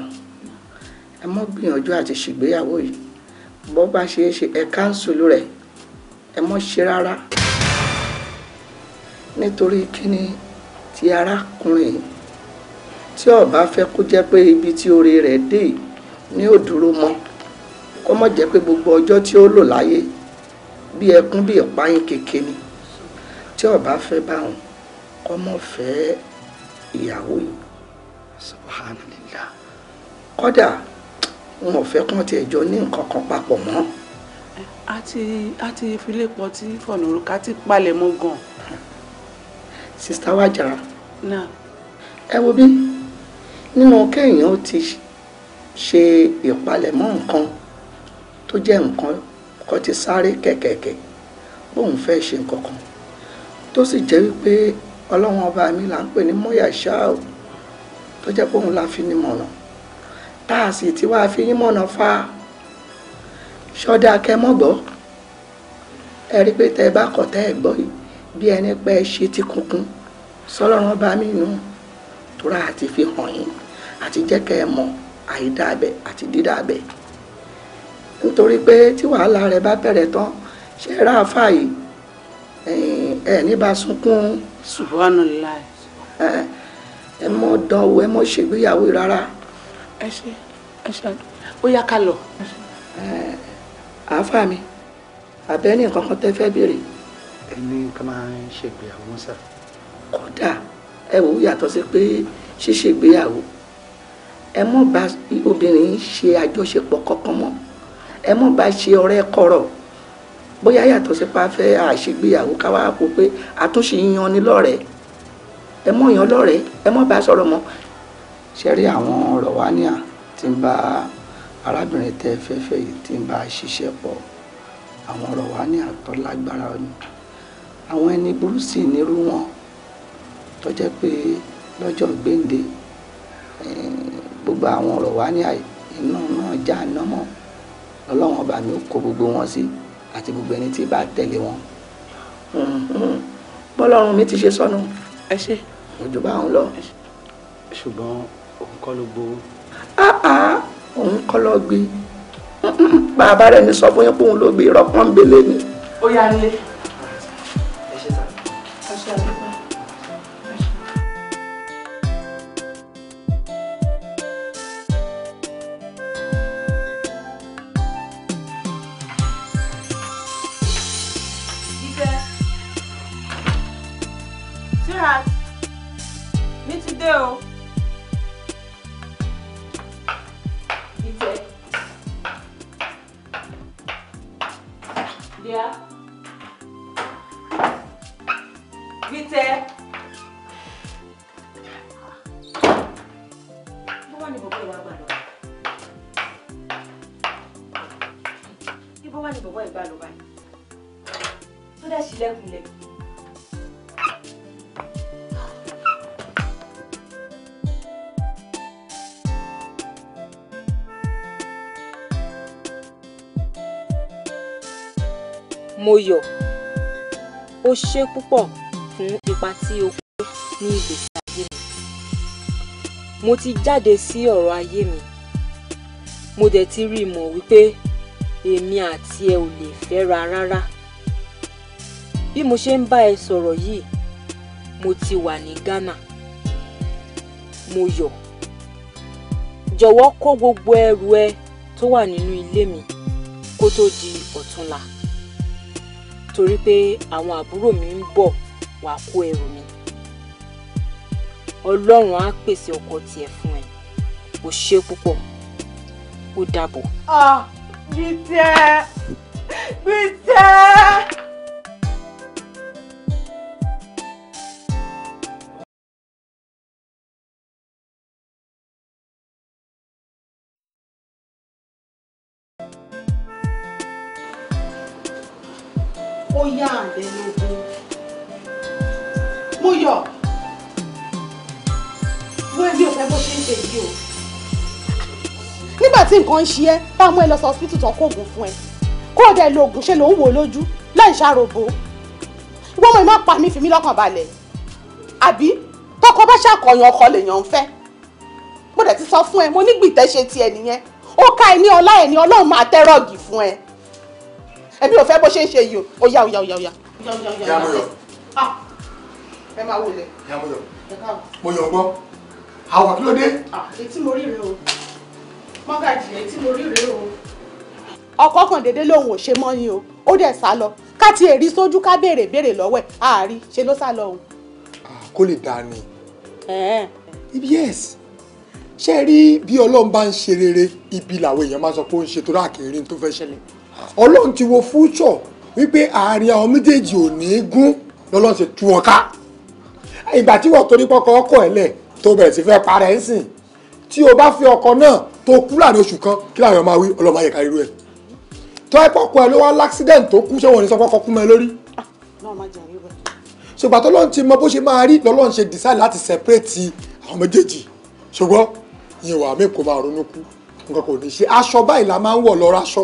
ẹ mọ́ gbìyànjú àti ṣègbéyàwó yìí bó bá ṣe é ṣe ẹ káńsùlù rẹ̀ ẹ mọ́ ṣe rárá nítorí kíni ti arákùnrin tí ó bá fẹ́ kó jẹ́ pé ibi tí oore rẹ̀ dé ní òdúró mọ́ kó mọ̀ jẹ́ pé gbogbo ọjọ́ tí ó lò láyé bí ẹkún bí ìpáyín kéke ni tí ó bá fẹ́ kó mọ̀ fẹ́ ìyàwó yìí subhanallah kódà wọn ò fẹ́ kán tiẹ̀ jọ ní nǹkan kan papọ̀ mọ́ àti àti ìfilépọ̀ tí fọ̀nàrúkà ti palẹ̀ mọ́ gan. sista wàjàrà ẹ wo bí nínú kéèyàn ó ti ṣe ìpalẹ̀mọ́ nǹkan tó jẹ́ nǹkan kan ti sáré kẹ̀kẹ̀kẹ̀ bóun fẹ́ ṣe nǹkan kan tó sì jẹ́ wípé ọlọ́run ọba mi là ń pè ní mọ́yàṣá o tó jẹ́ pé òun la fi ní mọ̀nà tá a sì ti wá fi yín mọ̀nà fa ṣọ́dá kẹ́mọ́gbọ́ ẹ rí pé tẹ́ ẹ bá kọ̀ tẹ́ ẹ gbọ́ bí ẹni pẹ́ ẹ ṣe ti kunkun sọ́lọ́run bá mi nù tóra àti fi hàn yín àti jẹ́ kẹ́ ẹ mọ̀ àìdáàbẹ̀ àti dídàbẹ̀ nítorí pé tí wàhálà rẹ bá bẹ̀rẹ̀ tán ṣe rà fà yìí ẹ ní bá sunkún. subhanallah. ẹ mọ dánwò ẹ mọ ṣègbéyàwó rárá. ẹ ṣe ẹ ṣe ó yá ká lọ. ẹ àáfàá mi àbẹ́ni nǹkan kan tẹ́ fẹ́ béèrè. ẹni kan máa ń ṣègbéyàwó sá. kódà ẹ wò ó yàtọ̀ sí pé ṣíṣègbéyàwó ẹ mọ̀ bá obìnrin ṣe àjọṣepọ̀ kankan mọ́ ẹ mọ̀ bá ṣe ọ̀rẹ́ kọ̀rọ̀ bóyá yàtọ̀ sí pa fẹ́ àṣegbéyàwó ká wá kó pé àtúnṣe yan ni lọ́rẹ̀ẹ́ ẹ mọ̀ yan lọ́rẹ̀ẹ́ ẹ mọ̀ bá sọ̀rọ̀ mọ́ ṣe rí àwọn ọ̀rọ̀ wa ní à ti ń bá a arábìnrin tẹ́ fẹ́fẹ́ yìí ti ń bá a ṣiṣẹ́ pọ̀ àwọn ọ̀rọ̀ wa ní àtọ́ lágbára ọ̀nà àwọn ẹni burú sì nírú wọn tó jẹ́ pé lọ́jọ́ gbéǹde eh, gbogbo àwọn ọ̀rọ̀ wa ní iná náà já náà ọlọ́run ọba mi kó gbogbo wọn sí àti gbogbo ẹni tí bá tẹ̀lé wọn bọ́lọ́run mi ti ṣe sọnù ẹ ṣe òjò bá ń lọ. ṣùgbọ́n òun kọ́ ló gbowó. Ah, ah òun kọ́ lọ gbé bàbá rẹ̀ ní sọ fún yín pé òun ló gbé irọ́ pọ́nbélé ni. ó yá nílé. ó ṣe púpọ̀ fún ipa tí o kó ní ìgbésí ayé mi. Mo ti jáde sí ọ̀rọ̀ ayé mi. Mo dẹ̀ ti rí i mọ̀ wípé èmi àti ẹ ò lè fẹ́ra rárá. Bí mo ṣe ń bá ẹ sọ̀rọ̀ yìí, mo ti wà ní Ghana. Mo yọ̀. Jọ̀wọ́ kó gbogbo ẹrù ẹ tó wà nínú ilé mi kó tó di ọ̀túnla torí pé àwọn àbúrò mi ń bọ̀ wá kó ẹrù mi ọlọ́run á pèsè ọkọ tiẹ̀ fún ẹ kò ṣe púpọ̀ ó dàbọ̀. ah bíi tẹ́ nǹkan ń ṣe ẹ́ tá a mú ẹ lọ sí hospital tán kó oògùn fún ẹ kó o dẹ̀ lo oògùn ṣe ló ń wò lójú láì ṣàròbó ìwọ ọmọ ìmọ̀ pa mí fi mí lọ́kàn balẹ̀ àbí tọkọ bá ṣàkọyàn ọkọ lèèyàn ń fẹ́ mo dẹ̀ ti sọ fún ẹ mo ní gbìtẹ́ ṣe tiẹ̀ nìyẹn ó ká ẹ ní ọlá ẹ ní ọlọ́run máa tẹ́rọ̀gì fún ẹ ẹbí ò fẹ́ bó ṣe ń ṣe yìí o yá o yá o yá o yá. yàmúyọ ah! ẹ máa wọlé. yàmúyọ mo yọ̀ ń gbọ́ àwọn kí ló dé. Ah, etí mo rí rẹ o mọ́gàjì tí mo rí rèé o. ọkọ kan déédéé lòun ò ṣe mọ́ ni o ó dẹ̀ sá lọ ká ti èrí sójú ká béèrè béèrè lọ́wọ́ ẹ̀ àárí ṣe ló sá lọ òun. kó lè dáa ni. ibi yes ṣe rí bí ọlọ́run bá ń ṣe rere ibi làwọn èèyàn máa sọ pé ó ń ṣe torí àkèrè tó fẹ́ ṣẹlẹ̀ ọlọ́run ti wo future wípé àárín àwọn méjèèjì ò ní í gún lọ́lọ́run ṣe tú wọn ká ìgbà tí wọ́n torí pọ́kọ́ ọkọ̀ ẹ̀ lẹ̀ tó bẹ̀rẹ̀ sí fẹ́ parẹ́ ń sìn tí o bá fi ọkọ náà tó kú láàrin oṣù kan kí láwọn máa wí ọlọ́mọ ayẹ̀ka irú ẹ̀ tó ẹ pọ̀ kú ẹ ló wá láksidẹ̀ǹt tó kú ṣẹ́wọ̀n ní sọ fọ́kọ́ kú mọ́ ẹ lórí. ṣùgbọ́n ah, tọ́lọ́n ti mọ bó ṣe máa rí lọ́lọ́n ṣe decide láti separate àwọn méjèèjì ṣùgbọ́n ìyẹn wà mí kò máa ronú kú nǹkan kò ní ṣe aṣọ báyìí la máa ń wọ̀ lọ́ra aṣọ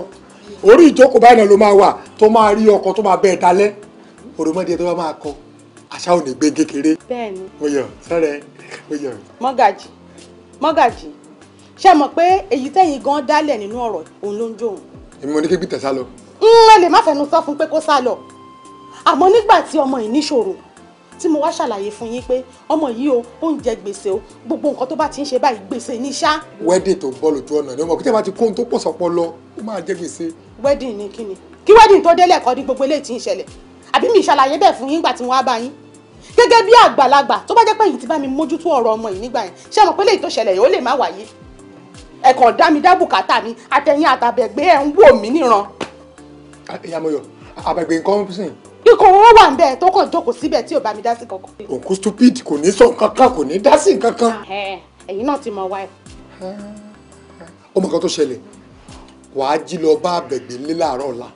orí ìjókòó báyìí náà ló máa wà tó máa rí ọkọ tó máa bẹ́ẹ̀ dalẹ́ òròmọdé tó bá máa kọ àṣà ò ní gbé kékeré. bẹ́ẹ̀ni. mọgàjì mọgàjì ṣe mọ̀ pé èyí tẹ́yìn gan dálẹ̀ nínú ọ̀rọ̀ òun ló ń jóun. èmi ò ní kí gbìtẹ̀ sá lọ. n lè má fẹnu sọ fún pé kó sá lọ àmọ́ nígbà tí ọmọ yìí níṣòro tí mo wá ṣàlàyé fún yín pé ọmọ yìí o ó ń jẹ gbèsè o gbogbo nǹkan tó bá ti ń ṣe báyìí gbèsè ní ṣá. wedding tó bọ́ lójú ọ̀nà ni ọmọ kìtẹ́ bá ti kóhun tó pọ̀ sọ́pọ̀ lọ ó máa jẹ gbèsè. wedding ni kí ni kí wedding tó délẹ̀ kọ́ ni gbogbo eléyìí ti ń ṣẹlẹ̀ àbí mi ṣàlàyé bẹ́ẹ̀ fún yín nígbà tí mo wá bá yín gẹ́gẹ́ bí àgbàlagbà tó bá jẹ́ pé yìí ti bá mi mójútó ọ̀rọ̀ ọmọ yìí nígbà yẹn ṣé mo pé léyìí tó ṣẹlẹ̀ yìí ó lè má wáyé ẹ kàn dá mi dá bùkátà mi àtẹ̀yìn àtàbẹ̀gbé ẹ̀ ń wò mí níran. ìyàmọ̀yọ̀ àbẹ̀gbé nǹkan sìn. ikọ̀ owó wà ń bẹ́ẹ̀ tó kàn jókòó síbẹ̀ tí ò bá mi dá sí kankan. òǹkú stupid kò ní sọ nǹkan kan kò ní dá sí nǹkan kan. Ah, ẹ̀yin náà ti mọ wá ẹ̀. ọmọ kan tó ṣẹlẹ̀ wàá jí lọ bá àbẹ̀gbé ńlé láàárọ̀ ọ̀la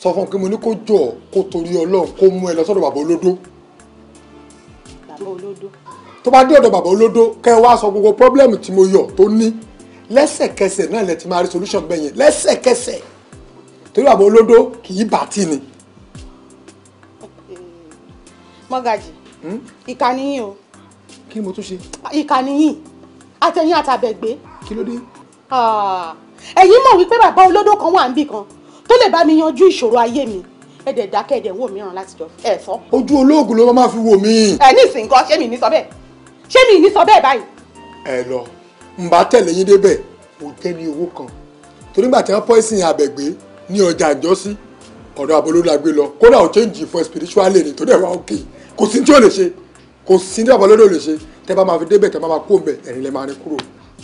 sọ fún kí mo ní kó jọ kó torí ọlọ́run kó mú ẹ lọ sọ́dọ̀ bàbá olódó. bàbá olódó tó bá dé ọ̀dọ̀ bàbá olódó kẹ́ ẹ wá sọ gbogbo pọ́blẹ́mù tí mo yọ tó ní lẹ́sẹ̀kẹsẹ̀ náà lẹ ti máa rí solution gbẹ̀yìn lẹ́sẹ̀kẹsẹ̀ torí bàbá olódó kì í bà tí ni. mọ́gàjì hmm? ìkà o. kí ni mo tún ṣe. ìkà nìyí àtẹ̀yìn àtàbẹ̀gbé. kí ló dé. Ah. ẹ̀yin mọ̀ wípé bàbá olódó kan wà níbì kan tó lè bá mi yanjú ìṣòro ayé mi ẹ dẹ̀ dákẹ́ ẹ dẹ̀ wò mìíràn láti jọ ẹ ojú olóògùn ló máa fi wò mí. ẹ ní ìsìnkọ́ ṣé mi ní sọ bẹ́ẹ̀ ṣé mi ní sọ bẹ́ẹ̀ báyìí. ẹ lọ n bá tẹ̀lé yín débẹ̀ mo tẹ́ ní owó kan torí gbà tí wọ́n pọ́ìsìn àbẹ̀gbé ní ọjà àjọsí ọ̀dọ̀ àbóló la gbé lọ kódà ò change for spiritual lane torí ẹ̀ wá òkè kò sí tí ò lè ṣe kò sí tí àbóló lè ṣe tẹ bá máa fi débẹ̀ tẹ bá máa kó mbẹ ẹ̀rín lẹ máa rin kúrò.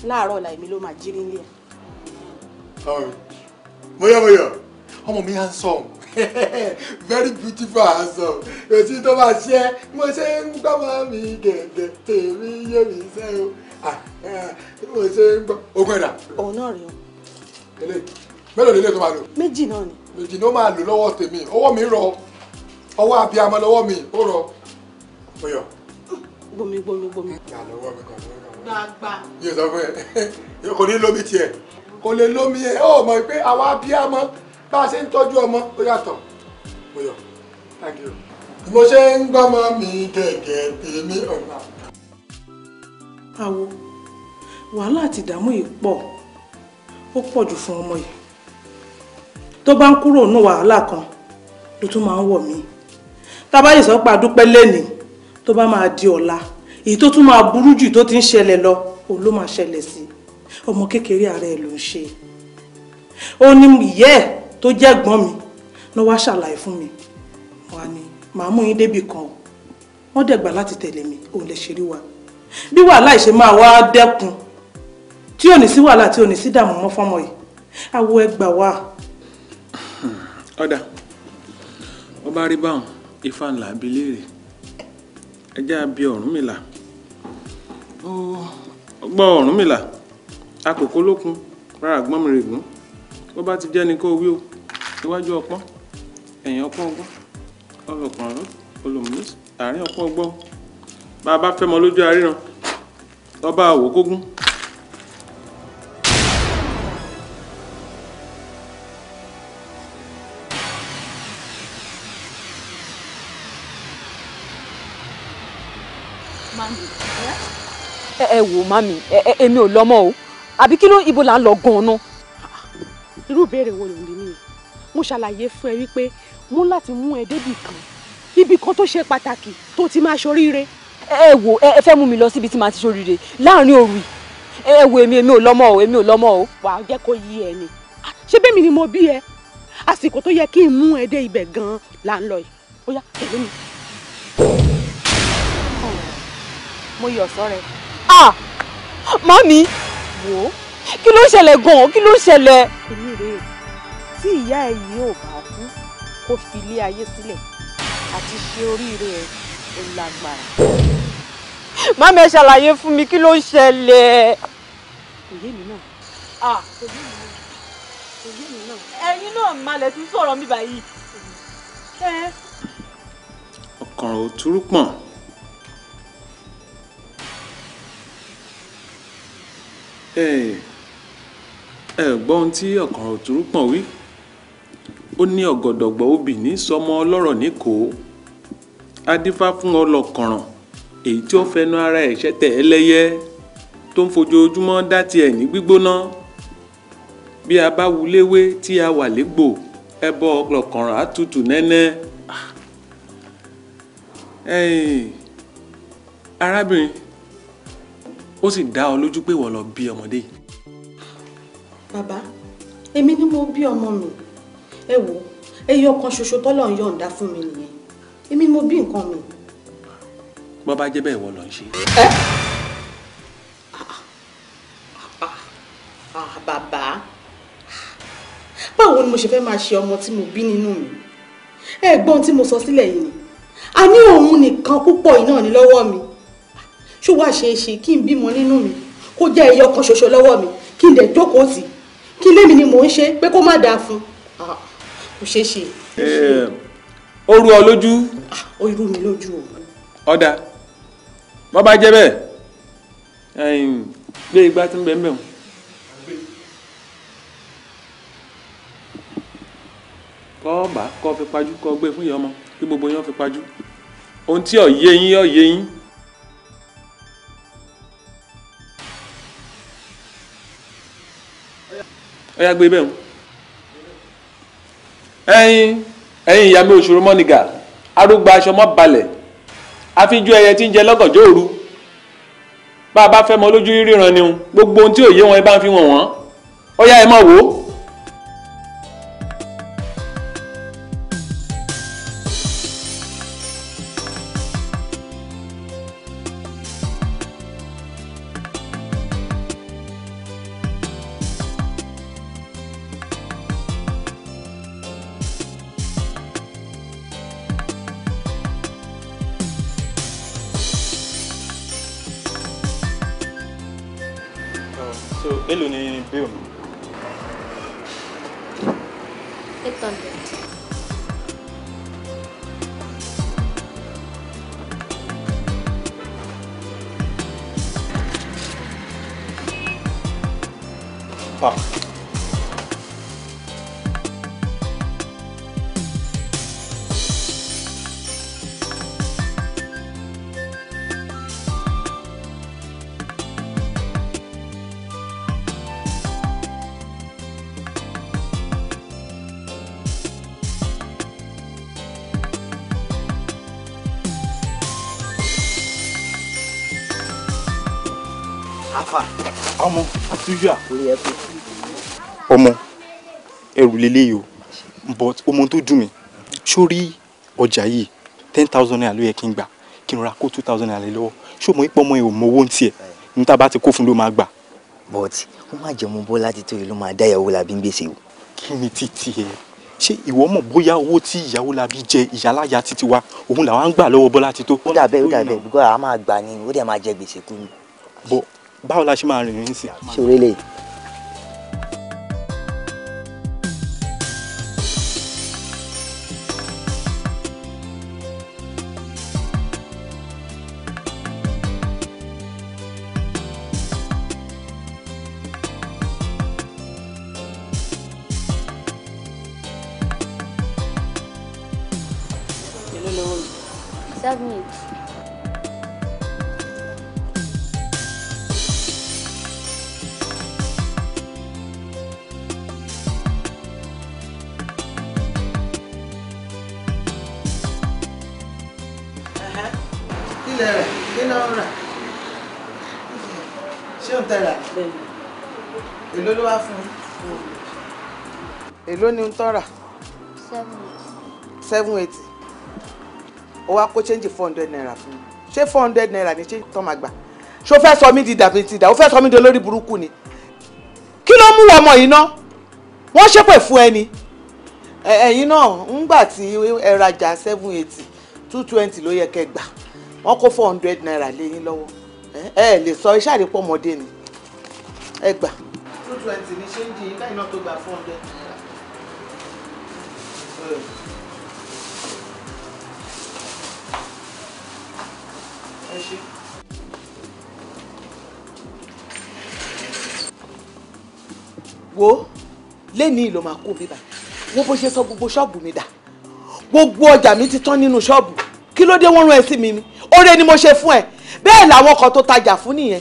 láàárọ̀ ọ̀la èmi ló máa jí nílé very beautiful handsome èsì tó máa ṣe mo ṣe ń gbọ́ mọ́ mi gẹ̀gẹ̀ tèmi yé mi sẹ́ o ah, ah, mo ṣe ń gbọ́ ogun ẹ̀dá. òun náà rí o. mélòó lélẹ̀ tó máa lò. méjì náà ni. méjì ló máa lò lọ́wọ́ tèmi ọwọ́ mi rọ ọwọ́ abiyamọ lọ́wọ́ mi ó rọ oyọ. gbomi gbomi gbomi. gbà lọ́wọ́ mi kàn lọ́wọ́ gbàgbà. yóò sọ fún ẹ kò ní lómi tiẹ̀ kò lè lómi ẹ ó mọ̀ pé àwa abiyamọ bá a ṣe ń tọ́jú ọmọ ó yàtọ̀ mo thank you. mo ṣe ń gbọ́mọ mi gẹ̀gẹ̀ èmi ọ̀la. àwo wàhálà àti ìdààmú yìí pọ̀ ó pọ̀ jù fún ọmọ yìí tó bá ń kúrò nù wàhálà kan ló tún máa ń wọ̀ mí tá a bá lè sọ pé a lẹ́nìí tó bá máa di ọ̀la èyí tó tún máa burú jù tó ti ń ṣẹlẹ̀ lọ òun ló máa ṣẹlẹ̀ sí ọmọ kékeré ara ló ń ṣe ó ní ìyá ẹ̀ tó jẹ́ ẹ̀gbọ́n mi ló wá ṣàlàyé fún mi wà ní màá mú yín débì kan o wọ́n dẹ̀gbà láti tẹ̀lé mi òun lè ṣe rí wa bí wàhálà ìṣe máa wá dẹ́kun tí ò ní sí wàhálà tí ò ní sí dààmú mọ́ fọ́mọ yìí àwọ̀ ẹgbà wà. ọ̀dà wọ́n bá rí ifá ńlá bí léèrè ẹjẹ́ àbí Ọ̀rúnmìlà ọgbọ́n Ọ̀rúnmìlà àkókò lókun rárá gbọ́n mi rè gún bó bá ti jẹ́ ni kó wí o iwájú ọpọ́n ẹ̀yìn ọpọ́n ọgbọ́n ọlọ́kùnrin olùmúlòsì àárín ọpọ́n ọgbọ́n bá a bá fẹ́ mọ lójú aríran lọ́ba àwò kógún. ẹ wò mami èmi ò lọ́mọ o àbí kí ló ibo là ń lọ gan-an. irú ìbéèrè wo ló ń bí mi yìí mo ṣàlàyé fún ẹ wípé mo láti mú ẹ débì kan ibì kan tó ṣe pàtàkì tó ti máa ṣoríire. ẹ wò ẹ fẹ́ mú mi lọ síbi tí màá ti ṣoríire láàrin òru ẹ wò èmi èmi ò lọ́mọ o èmi ò lọ́mọ o. wàá jẹ́ kó yí ẹ ni ṣé bẹ́ẹ̀ mi ni mo bí ẹ àsìkò tó yẹ kí n mú ẹ dé ibẹ̀ gan-an là ń lọ yìí ó yá tẹ̀lé mi. mo yọ̀ sọ́rẹ́. ah mami wo kí ló ń ṣẹlẹ̀ gan-an kí ló ń ṣẹlẹ̀. èmi rèé tí ìyá ẹ yìí ò bá kú kó fi ilé ayé sílẹ̀ àti ṣe oríire ẹ ó lágbára. mami ẹ ṣàlàyé fún mi kí ló ń ṣẹlẹ̀. òye mi náà. ah náà. òye mi náà. ti sọ̀rọ̀ mi báyìí. ọkàn ò túrú pọ̀n. ẹ ẹ gbọ́ tí ọkàn ò túrú pọ̀n wí ó ní ọ̀gọ̀dọ̀gbọ̀ obì ní sọmọ ọlọ́rọ̀ níkòó adífá fún ọlọ́kànràn èyí tí ó fẹnu ara ẹ̀ ṣẹ̀tẹ̀ ẹlẹ́yẹ tó ń fojoojúmọ́ dá tiẹ̀ ní gbígbóná bí a bá wuléwé tí a wà légbò ẹbọ ọlọ́kànràn á tutù nẹ́nẹ́ arábìnrin ó sì dá ọ lójú pé ìwọ ló bí ọmọdé bàbá èmi ni mo bí ọmọ mi ẹ wo ẹyọ kan ṣoṣo tọ́lọ̀ ń yọ̀ǹda fún mi nìyẹn èmi mo bí nǹkan mi. bọ́ bá jẹ́ bẹ́ẹ̀ wọ lọ ń ṣe. bàbá báwo ni mo ṣe fẹ́ máa ṣe ọmọ tí mo bí nínú mi ẹ gbọ́n tí mo sọ sílẹ̀ yìí ni a ní òun nìkan púpọ̀ iná ní lọ́wọ́ mi ṣó wàá ṣe é ṣe kí n bímọ nínú mi kó jẹ́ ẹyọ kan ṣoṣo lọ́wọ́ mi kí n dẹ̀ jókòó tì kí lémi ni mò ń ṣe pé kó má dáa fún un kò ṣeé ṣe. ó rú ọ lójú. ó rú mi lójú o. ọ̀dà má bá jẹ́ bẹ́ẹ̀ gbé igbá tí ń bẹ ń bẹ̀ wọ́n. kọ́ bá kọ́ fi pajú kọ́ gbé fún ìyá ọmọ kí gbogbo yẹn fi pajú ohun tí ò yé yín ò yé yín. ó gbé bẹ́ẹ̀ o ẹ̀yin ẹ̀yin ìyá mi òṣòro mọ́nìgà arúgba aṣọ mọ́ balẹ̀ àfijú ẹyẹ tí ń jẹ lọ́gànjọ́ òru bá a bá fẹ́ mọ lójú ríran ni gbogbo ohun tí òye wọn ẹ bá ń fi wọ̀n wọ́n ó yá ẹ mọ̀ wò ó. papo. Rafa, alma, suja. Lihat ẹrù lélẹ́yìí o but ohun tó dùn mí sórí ọjà yìí ten thousand naira ló yẹ kí n gbà kí n ra kó two thousand naira lọ́wọ́ ṣó mo ipò ọmọ yẹn ò mọ owó ń tiẹ̀ ní tá bá ti kó fún ló máa gbà. but ó má jẹ́ mo bọ́ láti tó yìí ló máa dá ìyàwó làbí ń gbèsè o. kí ni títí ẹ ṣé ìwọ mọ̀ bóyá owó tí ìyàwó làbí jẹ ìyáláyà títí wa òun làwọn ń gbà lọ́wọ́ bọ́lá ti tó. ó dàbẹ́ ó dàbẹ́ bíkọ́ àá máa gbà ni ó dẹ̀ máa jẹ gbèsè kú ni. bọ báwo la ṣe máa rìnrìn sí. ṣé orílẹ̀ èló ni ń tọ́ra. seven eighty. seven eighty ó wá kó change four hundred naira fún mi ṣé four hundred naira ni change tán máa gbà ṣó fẹ́ sọ mí di dàbìtìdà O fẹ́ sọ mí di olórí burúkú ni kí ló mú ọmọ yìí ná wọ́n ṣépè fún ẹni ẹ̀yin náà ńgbà tí ẹ rajà seven eighty two twenty ló yẹ kẹ́ gbà wọ́n kó four hundred naira lé yín lọ́wọ́ ẹ ẹ lè sọ iṣẹ́ àdìpọ̀ ọmọdé ni ẹ gbà. two twenty ni ṣéǹjì yín káyìn náà tó gba four hundred ẹ ṣe. wo lẹ́ni ló máa kó mi bá wo bó ṣe sọ gbogbo ṣọ́ọ̀bù mi dà gbogbo ọjà mi ti tán nínú ṣọ́ọ̀bù kí ló dé wọ́n rán ẹ sí mi ni oore ni mo ṣe fún ẹ bẹ́ẹ̀ làwọn kan tó tajà fún nìyẹn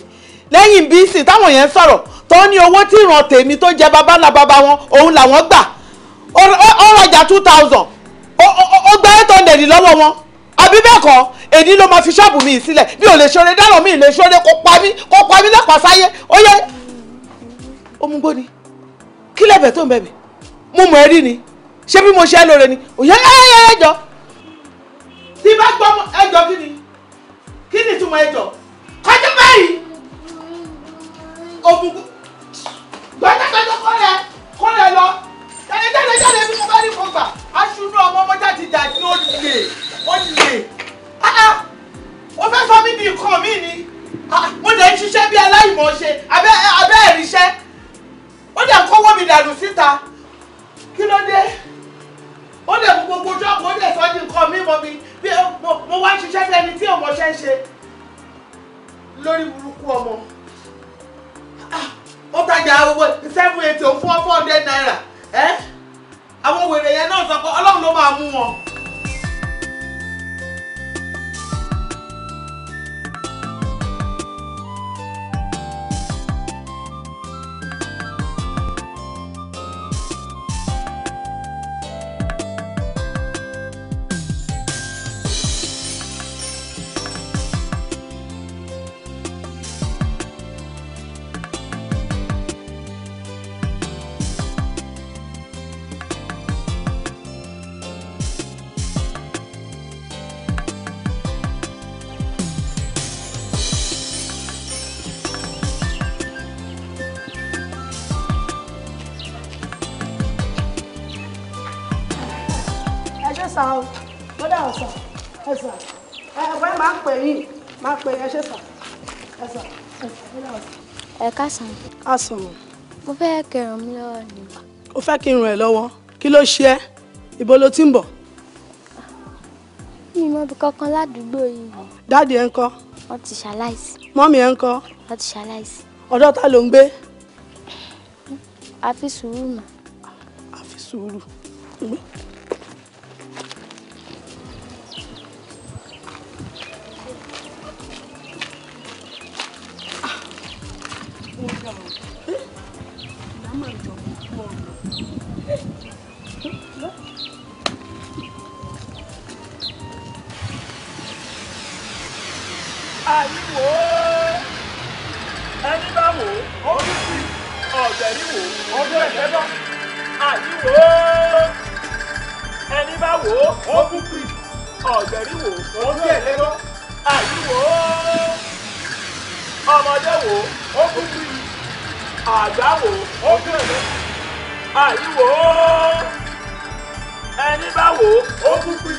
lẹ́yìn bíìsì táwọn yẹn ń sọ̀rọ̀ tó ní owó tí ìran tèmi tó jẹ́ babalá wọn òun làwọn gbà ó rajà two thousand ó gba eight hundred lọ́wọ́ wọn àbí bẹ́ẹ̀ kọ́ èdè ló máa fi ṣọ́ọ̀bù mi sílẹ̀ bí ò lè ṣoore dáná mi lè ṣoore kó pa mí kó pa mí lẹ́pàá sáyé ó yẹ omugbó ni kí lẹ́bẹ̀ tó ń bẹ̀ mí mo mọ̀ ẹ́ rí ni ṣé bí mo ṣe é lóore ni òye ẹ jọ tí bá gbọ́ ẹjọ kí ni kí ni ìtumọ̀ ẹjọ kọjú báyìí omugbó gbọ́dọ̀ gbọ́dọ̀ kọ́ rẹ̀ kọ́ rẹ̀ lọ ẹni jáde jáde bí mo bá rí mo gbà aṣunú ọmọ ọmọ jáde jáde ó lè ó lè ó ah, ah, fẹ́ sọ mí di nǹkan mi ni ah, mo dẹ̀ ń ṣiṣẹ́ bí aláìmọ̀ ṣe abẹ́ abẹ́ ẹ̀ríṣẹ́ ó dẹ̀ kówó mi dànù síta kí ló dé ó dẹ̀ mú gbogbo jọ́ọ̀bù ó dẹ̀ sọ di nǹkan mi mọ́ mi bí eh, mo wá ń ṣiṣẹ́ bí ẹni tí ọmọ ṣe ń ṣe lórí burúkú ọmọ ó tajà owó seven eight four four hundred naira ẹ eh? àwọn wèrè yẹn náà sọ pé ọlọ́run ló máa mú wọn. pé ẹ ṣe sà ẹ sà ẹ ká sàn. a mo fẹ́ kẹrùn mi lọ́wọ́ ni. o fẹ́ kí n ràn ẹ́ lọ́wọ́ kí ló ṣe ẹ́ ibo ló ti ń bọ̀. mi mọ ibi kankan ládùúgbò yìí. dáàdi ẹ ń kọ́. wọ́n ti ṣaláìsí. mọ́mì ẹ ń kọ́. wọ́n ti ṣaláìsí. ọ̀dọ́ ta ló ń gbé. a fi sùúrù mọ́. a fi sùúrù. àyíwò ẹni bá wò ó rí sí ọ̀dẹ̀ níwò ọdún ẹ̀lẹ́dọ́ àyíwò ẹni bá wò ó kú sí ọ̀dẹ̀ níwò ọdún ẹ̀lẹ́dọ́ àyíwò ọmọdé wò ó kú sí àgbà wò ọdún ẹ̀lẹ́dọ́ àyíwò ẹni bá wò ó kú sí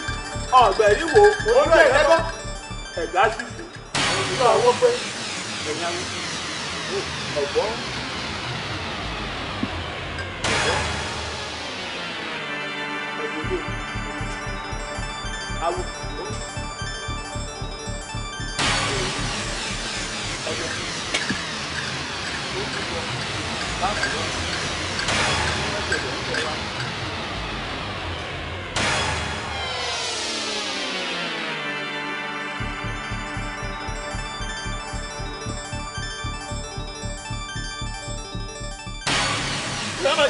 ọ̀gbẹ̀rí wò ọdún ẹ̀lẹ́dọ́ ẹ̀dá sí sọ àwọn pé ẹ̀yà ọ̀gbọ́n. awo ọjọ́ tó ti bọ báwo ló ń bẹ wá.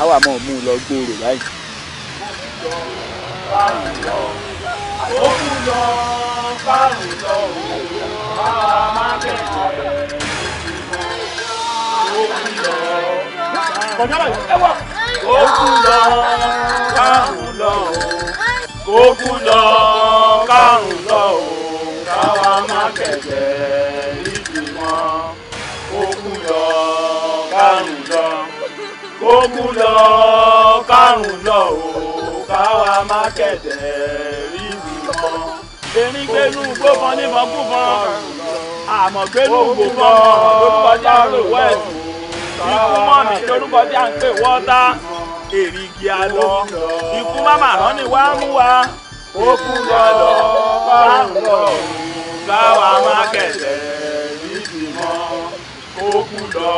àwa máa mú lọ gbòòrò báyìí. báyìí lọ ó kú lọ báyìí káwa má kẹ́kẹ́. kú lọ kárùn lọ o káwa má kẹ̀dẹ̀ rí mi mọ́. èmi gbẹ́nu gbọ́bọn ní mọ́kúbọn àmọ́ gbẹ́nu gbọ́bọn lórúkọ tí a ń lò wẹ́ẹ̀sì ikú mọ́ mi lórúkọ tí a ń pè wọ́tá èrìgì àlọ́ ikú máma rán ni wá mú wa ó kú lọ lọ kárùn lọ o káwa má kẹ̀dẹ̀ rí mi mọ́ ó kú lọ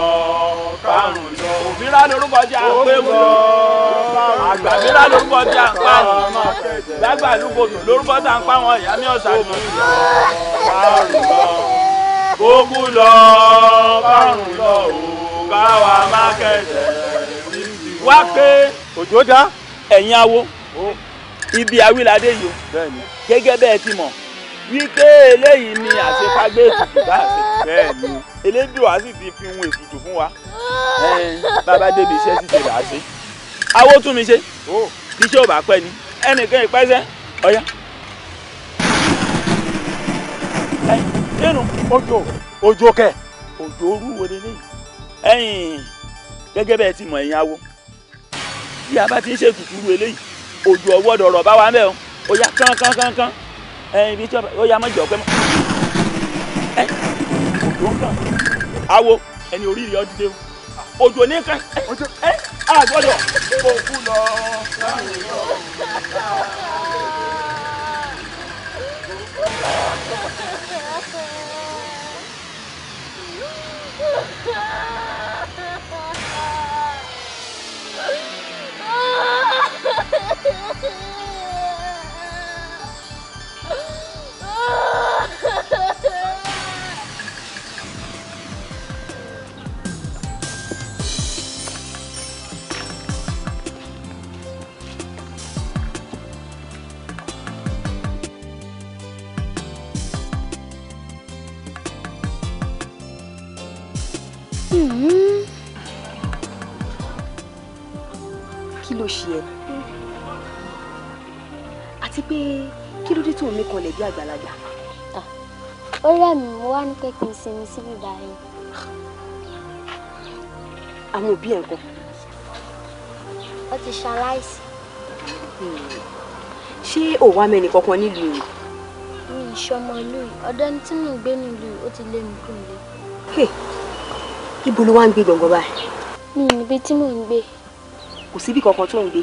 kárùn lọ òfìrà lórúkọ jẹ́ àpé mọ́ àgbàfìrà lórúkọ jẹ́ àpá ni gbàgbà lúgbòdù lórúkọ tá à ń pa wọn ìyá mi ọ̀sán mi. Gbogbo lọ bárùn lọ o báwa má kẹsẹ̀ wá pé òjò dá ẹ̀yin awo ibi awíládé yìí gẹ́gẹ́ bẹ́ẹ̀ ti mọ̀ wípé eléyìí ni àṣekágbé ètùtù bá a ṣe bẹ́ẹ̀ ni elédùà sì ti fi hun ètùtù fún wa bàbá débi iṣẹ́ ṣíṣe là á ṣe awó tún mi ṣe iṣẹ́ ò bá pẹ́ ni ẹnìkan ìpẹ́sẹ́ ọ̀yá. nínú ojo ojo kẹ ojo orú wo lélẹ́yìn ẹ̀yìn gẹ́gẹ́ bẹ́ẹ̀ ti mọ̀ ẹ̀yìn awo bí a bá ti ń ṣètùtù rú eléyìí ojo ọwọ́ dọ̀rọ̀ bá wa ń bẹ̀ o ó yá kánkánkánkán Eh, ibi tí ó yá mọ́jọ́ pẹ́ mọ́ ẹ eh, òjò ń kàn awo ẹni orí rẹ̀ ọdún dé o òjò ní kan eh, ẹ àgbọ̀dọ̀ kò kú lọ. Yeah. ló ṣe ẹ́ àti pé kí ló dé tó omi kan lè bí àgbàlagbà. Ah, ó rẹ̀ mí mo wá ní pé kí n sinmi síbi ìdáyé. àwọn òbí ẹ̀ kọ́. ó ti ṣaláìsí. Hmm. ṣé òwò amẹ́ni kankan nílùú yìí. mi ì ṣọmọ ìlú yìí ọ̀dọ̀ ẹni tí mò ń gbé nílùú ó ti lé mi kúrò lé. ibo ló wá ń gbé gbọ̀ngàn báyìí. mi ì níbi tí mò ń gbé kò síbi kankan tó ń gbé.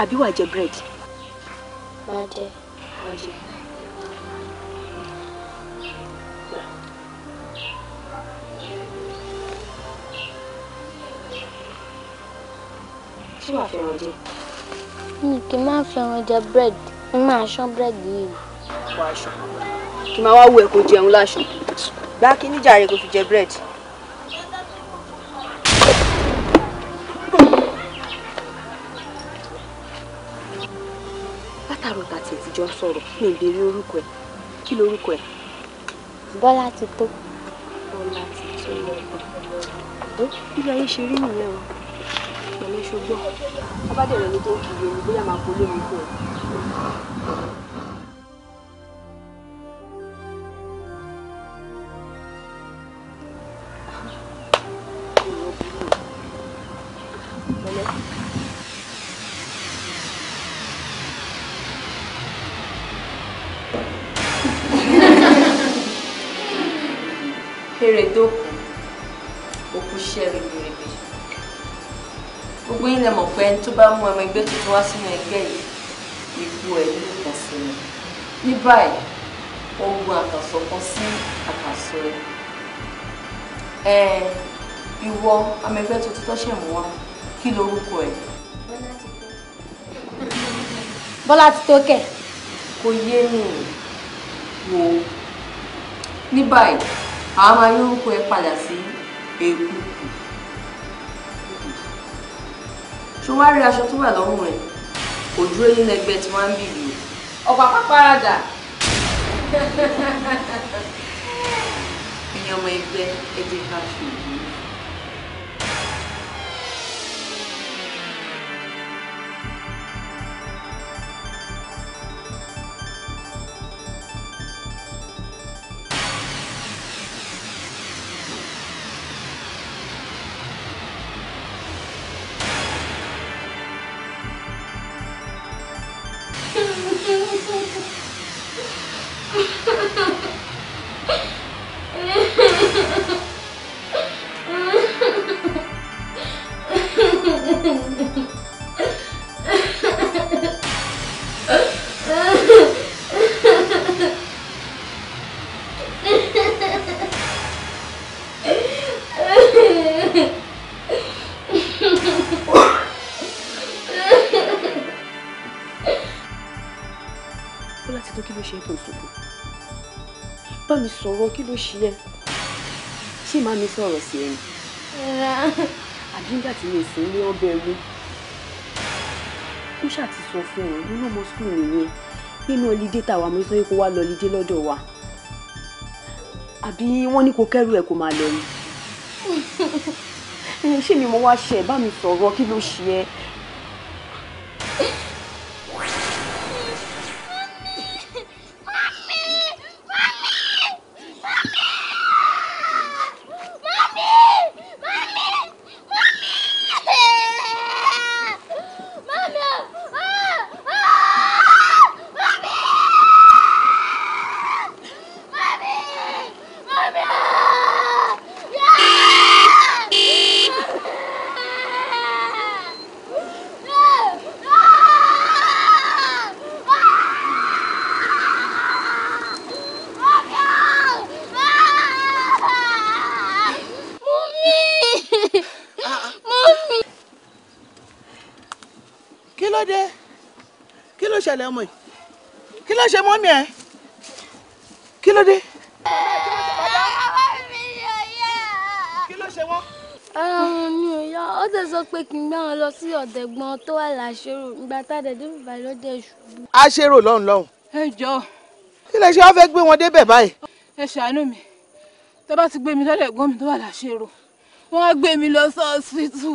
àbí wàá jẹ búrẹ́dì. máa jẹ máa jẹ. ṣé wàá fẹ́ràn jẹ. mi kì í máa fẹ́ràn jẹ búrẹ́dì n máa ṣán búrẹ́dì yìí. wàá ṣán kí máa wá wù ẹ́ kó jẹun láṣọ gbá kí níjà rẹ kó fi jẹ búrẹ́dì. látàrò tàti ìtìjọ sọ̀rọ̀ mi ìbéèrè orúkọ ẹ̀ kí lorúkọ ẹ̀. bọ́lá ti tó. bọ́lá ti tó lọ́gbọ̀n. ilé ayé ṣe rí nìyẹn o pẹ̀lú ṣùgbọ́n abájọ́ rẹ̀ ló tó ń kiri omi bóyá máa polówó fún ẹ. bá mú ọmọ ẹgbẹ́ tuntun wá sínú ẹgbẹ́ yìí ikú ẹ̀ ló kàn sí mi ní báyìí ohun àkàsọ̀ kan sí àkàsọ̀ ẹ̀ ẹ ìwọ ọmọ ẹgbẹ́ tuntun tó ṣẹ̀ mú wá kí lorúkọ ẹ̀. bọ́lá ti tó kẹ̀. kò yé mi wò ó ní báyìí àwọn máa yórúkọ ẹ padà sí èkó. ṣó wá rí aṣọ tó wà lọ́rùn rẹ̀ kò dúró nínú ẹgbẹ́ tí wọ́n ń bì yìí. ọ̀pá pàparadà. ẹ̀yin ọmọ ẹgbẹ́ ẹ jẹ́ ṣe ẹ́ ṣé màá mi sọ̀rọ̀ sí ẹ ni. àbí nígbà tí mi sì ń lé ọbẹ̀ wí. ó ṣàti sọ fún ọ nínú ọmọ sùkúl nìyẹn nínú ọlídé tàwa mo sọ pé kó wá lọ ọlídé lọ́dọ̀ wa. àbí wọ́n ní kó kẹ́rù ẹ̀ kó máa lọ ni. ṣé mi mo wá ṣe ẹ̀ bá mi sọ̀rọ̀ kí ló ṣe ẹ́ mọ́mí ẹ kí ló dé. kí ló ṣe wọ́n. ara ah, wọn ni ò yá ó sì sọ pé kí n gbá wọn lọ sí ọ̀dẹ̀gbọ́n tó wà láṣẹ́rò ìgbà tá a dẹ̀ dé bàbá lọ́dẹ̀ ṣubú. aṣèrò lọ́hùn lọ́hùn. ẹ jọ. kí lè ṣe wọ́n fẹ́ gbé wọn débẹ̀ báyìí. ẹ ṣàánú mi tó bá ti gbé mi lọ́dẹ̀ gbọ́n mi tó wà láṣẹ́rò wọ́n á gbé mi lọ sọ́ọ́sìtù.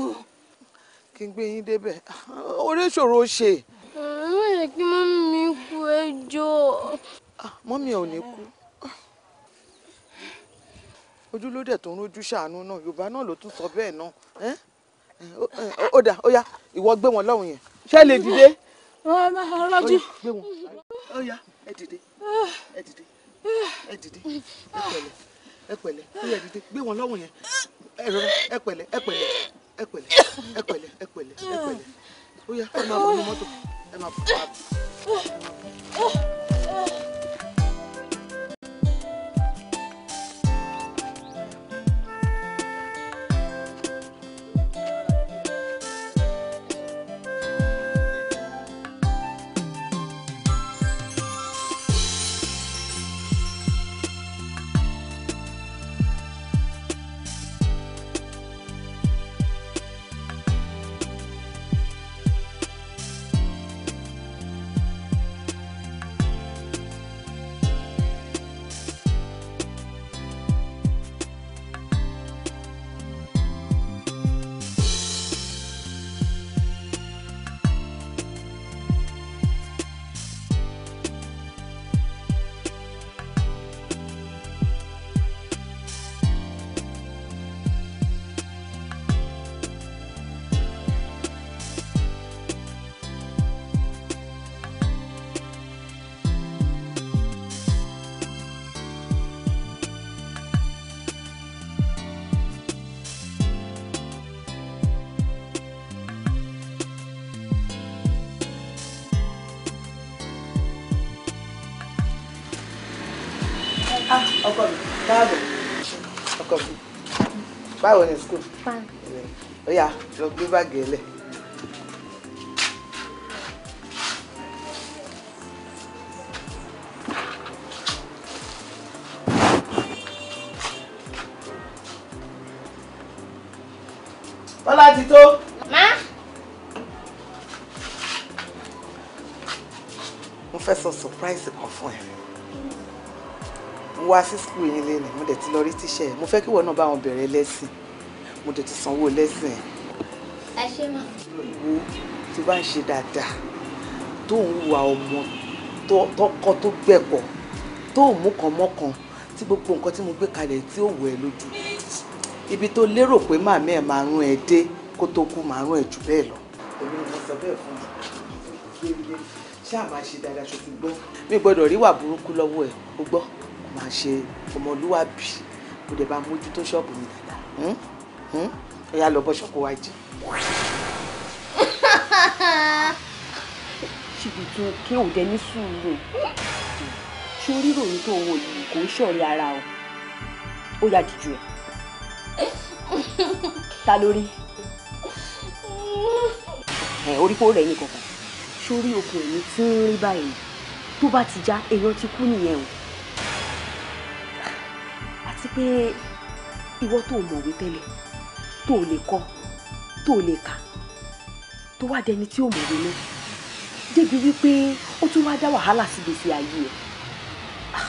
kí n gbé yín débẹ̀ orí ìṣòro ṣe. mọ́mí ò ní kú ojú ló dẹ̀ tó ń rojú ṣàánú náà yorùbá náà ló tún sọ bẹ́ẹ̀ náà ó dà ó yá ìwọ gbé wọn lọ́hùn yẹn ṣé lè dìde. ọlọ́jú gbé wọn ó yá ẹ dìde ẹ dìde ẹ dìde ẹ pẹ̀lẹ́ ẹ pẹ̀lẹ́ ó yá dìde gbé wọn lọ́hùn yẹn ẹ rọra ẹ pẹ̀lẹ́ ẹ pẹ̀lẹ́ ẹ pẹ̀lẹ́ ẹ pẹ̀lẹ́ ẹ pẹ̀lẹ́ ẹ ó yá ẹ máa bọ̀ nínú mọ́tò ẹ máa bọ̀. ọkọ báwo ni school ó yá lọ gbé báàgì ẹ lẹ̀. wá sí skul yín lé ní mo dẹ̀ ti lọ rí tíṣẹ́ mo fẹ́ kí wọ́n náà bá wọn bẹ̀rẹ̀ lẹ́sìn mo dẹ̀ ti sanwó lẹ́sìn. ẹ ṣe mọ. ìwọ tó bá ń ṣe dáadáa tó ń wa ọmọ tọkọ tó gbẹkọ tó mú kan mọ́kan tí gbogbo nǹkan tí mo gbé kalẹ̀ tí ó wọ̀ ẹ́ lójú ibi tó lérò pé màmí ẹ̀ máa rún ẹ dé kó tó kú máa rún ẹ jù bẹ́ẹ̀ lọ. èmi ni mo sọ bẹ́ẹ̀ fún mi ṣáà máa ṣe dáadáa ṣòfin gbọ́ mi gbọ́dọ̀ rí wà burúkú lọ́wọ́ ẹ̀ o gbọ́ máa ṣe ọmọlúwàbí mo dẹ̀ bá mójútó ṣọ́ọ̀bù mi dáadáa ẹ hmm? hmm? yá lọ bọ́ ṣọ́ọ̀kù wa jẹ. ṣìbìtú kí òde ní sùúrù ṣé rírò ní tó wo yìí kò ń ṣọ̀rẹ́ ara o ó yà dìjú ẹ̀ ta lórí ẹ̀ orí kò rẹ̀ ní kankan sórí okùn ẹ̀mí tí ń rí báyìí tó bá ti já èèyàn ti kú nìyẹn o àti pé ìwọ tó mọ̀wé tẹ́lẹ̀ tó lè kọ tó lè kà tó wá dẹni tí ò mọ̀wé náà débi wípé ó tún wá dá wàhálà sí gbèsè ayé ẹ̀ ah,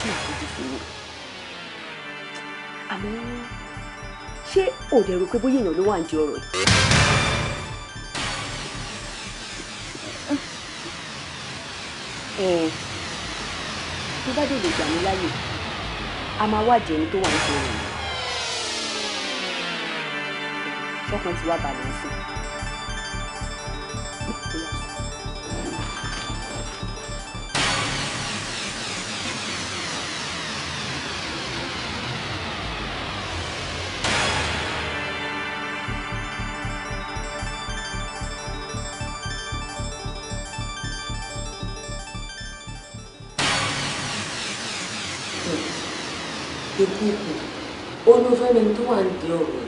kí n fojú fún un àmọ́ ṣé ò dẹ̀ rò pé bóyá èèyàn ló wà ń di ọ̀rọ̀ yìí. ẹ tó bá dé lè gbà mí láyè a máa wádìí ẹni tó wà nítorí rẹ̀ ṣọ́kàn ti wá balẹ̀ sí i. ó ló fẹ́ mẹni tó wà ń di ọ̀rọ̀ ẹ̀.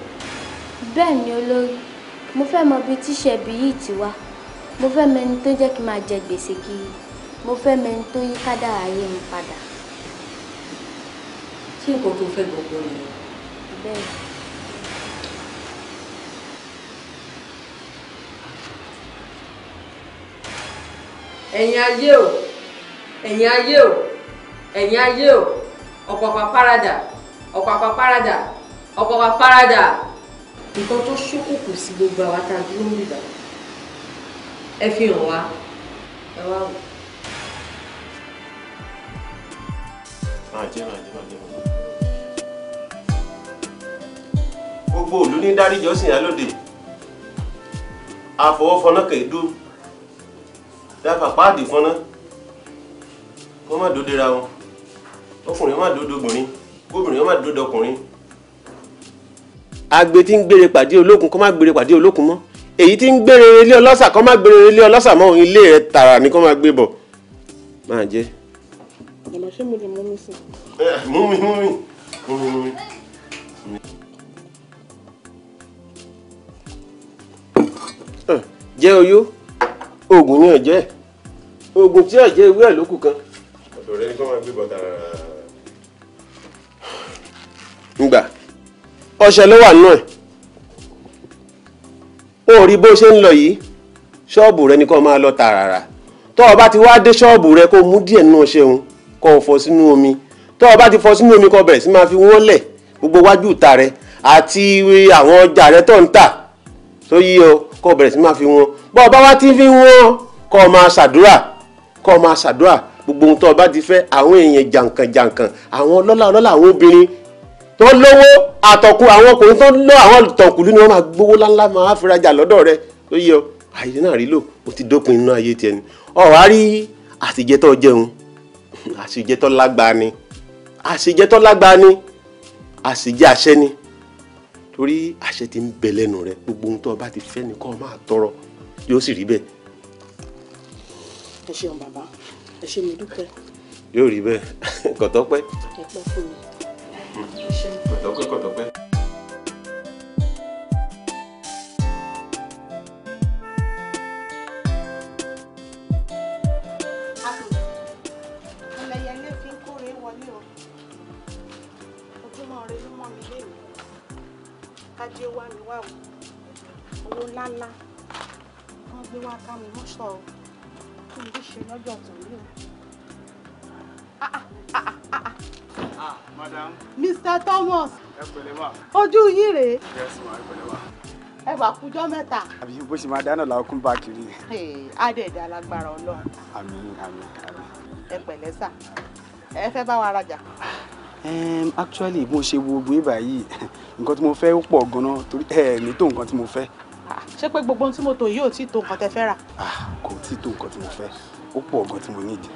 bẹ́ẹ̀ ni olórí mo fẹ́ mọ ibi tíṣẹ́ ibi yìí ti wá mo fẹ́ mẹni tó jẹ́ kí n máa jẹ gbèsè kiri mo fẹ́ mẹni tó yí kádàrá ayé mi padà. ṣé nǹkan tó fẹ́ gbogbo nìyẹn. bẹ́ẹ̀. ẹ̀yin ayé o ẹ̀yin ayé o ẹ̀yin ayé o ọ̀pọ̀pọ̀ parada ọ̀pàpà paradà ọ̀pàpà paradà nǹkan tó ṣókùnkùn sí gbogbo àwa tá a dúró ń bìbà ẹ fi hàn wá ẹ wá wò. gbogbo òlú ní dáríjọ́ sìn yálòdì àfọwọ́fọná kẹ̀dú dáfà páàdì fọná wọ́n má dòde ra wọn ọkùnrin má dòde obìnrin gómìnà yóò má dúró dọkùnrin. agbe tí ń gbére pàdé olókun kó má gbére pàdé olókun mọ́ èyí tí ń gbére ilé ọlọ́ṣà kó má gbére ilé ọlọ́ṣà mọ́ ilé rẹ̀ tààrà ni kó má gbé bọ̀ máa jẹ́. àmọ́ ṣé mo lè mú mi sí. mú mi mú mi mú mi mú mi. jẹ́ oyó oògùn ni ọ̀jẹ́ oògùn tí ọ̀jẹ́ ewé ẹ̀ lókù kan. ọ̀dọ̀ rẹ ni kó máa gbé bọ̀ tààrà ngbà ọṣẹ ló wà nù ẹ ó rí bó ṣe ń lọ yìí ṣọ́ọ̀bù rẹ ni kó máa lọ tààràrà tó o bá ti wá dé ṣọ́ọ̀bù rẹ kó mú díẹ̀ nínú ọṣẹ òun kó fọ sínú omi tó o bá ti fọ sínú omi kó o sí máa fi wọ́n lẹ̀ gbogbo wájú ìta rẹ àti àwọn ọjà rẹ tó ń tà tó yí o kó o sí máa fi wọ́n bọ́ ọ bá wá fi wọ́n kó o máa ṣàdúrà kó o máa ṣàdúrà gbogbo ohun tó o bá ti fẹ́ àwọn èèyàn jàǹkànjàǹkàn àwọn ọlọ́lá ọlọ́lá àwọn obìnrin tó lówó àtọ̀kù àwọn ọkùnrin tó lọ àwọn tọ̀kùlú ni wọ́n máa gbowó láńlá máa fi rajà lọ́dọ̀ rẹ tó yẹ ọ àyè náà rí lò ó ti dópin inú ayé tiẹ̀ ni ọ̀rọ̀ á rí àṣìjẹtọ̀ jẹun àṣìjẹtọ̀ lágbàá ni àṣìjẹtọ̀ lágbàá ni àṣìjẹ àṣẹ ni torí àṣẹ ti ń bẹ lẹ́nu rẹ gbogbo ohun tó o bá ti fẹ́ ni kó o máa tọrọ yóò sì rí bẹ́ẹ̀. ẹ ṣeun bàbá ẹ ṣe mi dúpẹ́. yóò rí bẹ́ẹ̀ kò ẹ pẹ́ fún mi kọ̀tọ̀pẹ́ kọ̀tọ̀pẹ́ ọjọ́ mẹ́ta. àbí bó ṣe máa dáná làwọn kún bá kiri. àdẹ̀dẹ̀ alágbára ọlọ́run. àmín àmín àmín. ẹ pẹ̀lẹ́ sà ẹ fẹ́ bá wa rajà. actually mo ṣe wo gbé báyìí nǹkan tí mo fẹ́ ó pọ̀ gan-an torí ẹ ní tó nǹkan tí mo fẹ́. ṣé pé gbogbo ohun tí mo tò yìí ò tí tó nǹkan tẹ fẹ́ rà. kò tí tó nǹkan tí mo fẹ́ ó pọ̀ gan tí mo nídìí.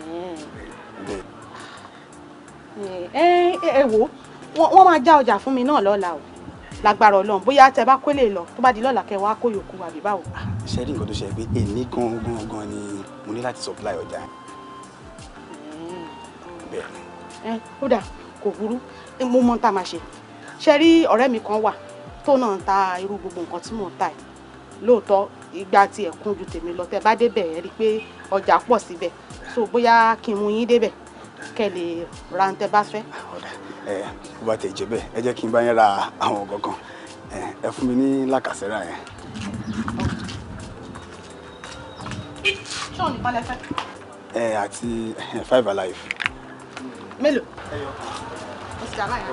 ẹ ẹ wo wọ́n máa já ọjà fún mi náà lọ́la o lágbára Ọlọ́run bóyá tẹ bá kó lè lọ tó bá di lọ́la kẹ wá kó yòókù àbí báwo. ṣe rí nǹkan tó ṣe pé èmi gangan gan ni mo ní láti supply ọjà hmm. bẹ́ẹ̀ ni. ẹ kódà kò burú mo mọ tá a máa ṣe ṣe rí ọ̀rẹ́ mi kan wà tó náà ta irú gbogbo nǹkan tí mò ń ta yìí lóòótọ́ ìgbà tí ẹ kún ju tèmi lọ tẹ bá débẹ̀ ẹ rí i pé ọjà pọ̀ síbẹ̀ so bóyá kí n mú yín débẹ̀ kẹ́ lè ra ohun tẹ́ bá fẹ́. Ah, ọ̀dà ẹ bó bá tẹ̀ jẹ́ bẹ́ẹ̀ ẹ jẹ́ kí n bá yẹn ra àwọn kankan ẹ fún mi ní làkàṣẹ́rà yẹn. ṣọ́ọ̀nì balẹ̀ fẹ́. ẹ àti five alive. mélòó. ẹ yọ. o sì dáná yẹn.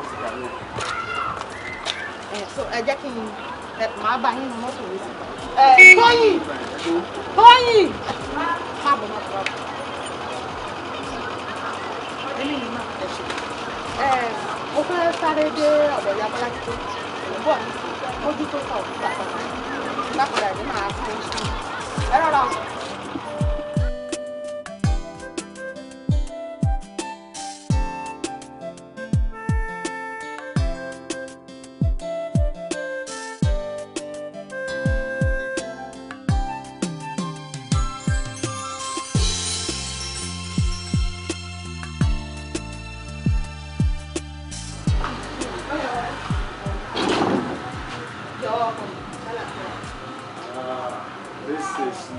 ẹ so ẹ jẹ́ kí n máa bá yín mọ́tò mi sí. ẹ Tóyìn Tóyìn. má èmi ni máa ẹ ṣe. ẹ mo fẹ́ sáré dé ọ̀dọ̀ ìyá bọ́lá títí ìbọ̀ mójú tó kà òkúta àpapọ̀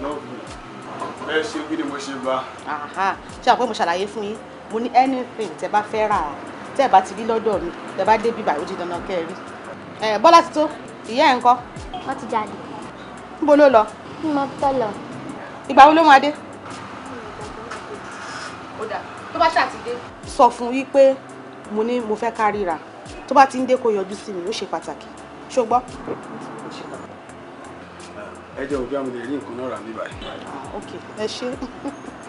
love me bẹ́ẹ̀ ṣe bí ni mo ṣe bá. ṣé àpò mo ṣàlàyé fún yín mo ní anything tẹ bá fẹ́ rà tẹ bá ti rí lọ́dọ̀ mi tẹ bá débi báyìí ó di dandan kẹ́ ẹ rí. ẹ bọ́lá ti tó ìyá ẹ̀ ń kọ́. wọ́n ti jáde. níbo ló lọ. mo tọ́ lọ. ìgbà wo ló máa dé. ó dà tó bá ṣáà ti dé. sọ fún yí pé mo ní mo fẹ́ ká ríra tó bá ti ń dé kó yọjú sí mi ó ṣe pàtàkì ṣó ẹ jẹ́ òbí àmì lè rí nǹkan náà rà mí báyìí. Ah, ok ẹ ṣe.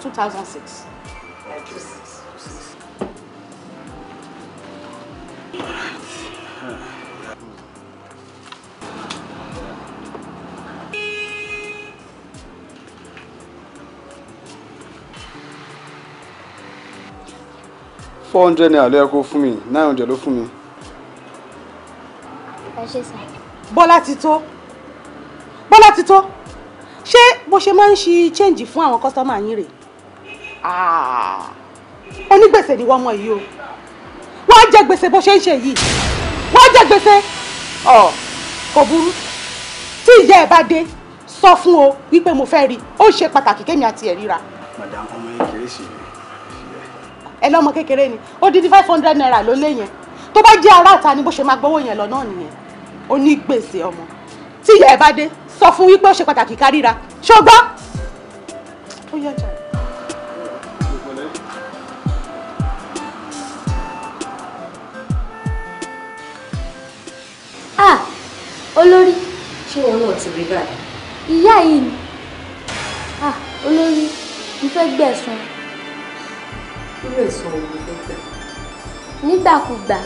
two thousand six. four hundred naira ló yẹ kó fún mi nine hundred ló fún mi. ẹ ṣe sá. bọ́lá ti tó bọ́lá ti tó ṣé bó ṣe máa ń ṣe change fún àwọn kọ́sítọ́mà yín rèé Ah. onígbèsè ni wọ́n mọ̀ yìí o wọ́n á jẹ gbèsè bó ṣe ń ṣe yìí wọ́n á jẹ gbèsè ọ̀ kò burú tí ìyá ẹ̀ bá dé sọ fún o wípé mo fẹ́ rí i ó ṣe pàtàkì kémi àti ẹ̀ ríra. madam ọmọ yẹn kéré sí i. ẹ lọ́mọ kékeré ni odidi five hundred naira ló lé yẹn tó bá jẹ́ ará ìta ni bó ṣe máa gbowó yẹn lọ náà nìyẹn onígbèsè ọmọ tí ìyá ẹ̀ bá dé sọ fún wípé ó ṣe pàtàkì ká ríra ṣó ó yẹ jàre. ah olórí. ṣé wọn náà ti rí báyìí. ìyá yìí ni ah olórí mo fẹ́ gbẹ̀san. irú ẹ̀san wo ló fẹ́ gbà. nígbàkúgbà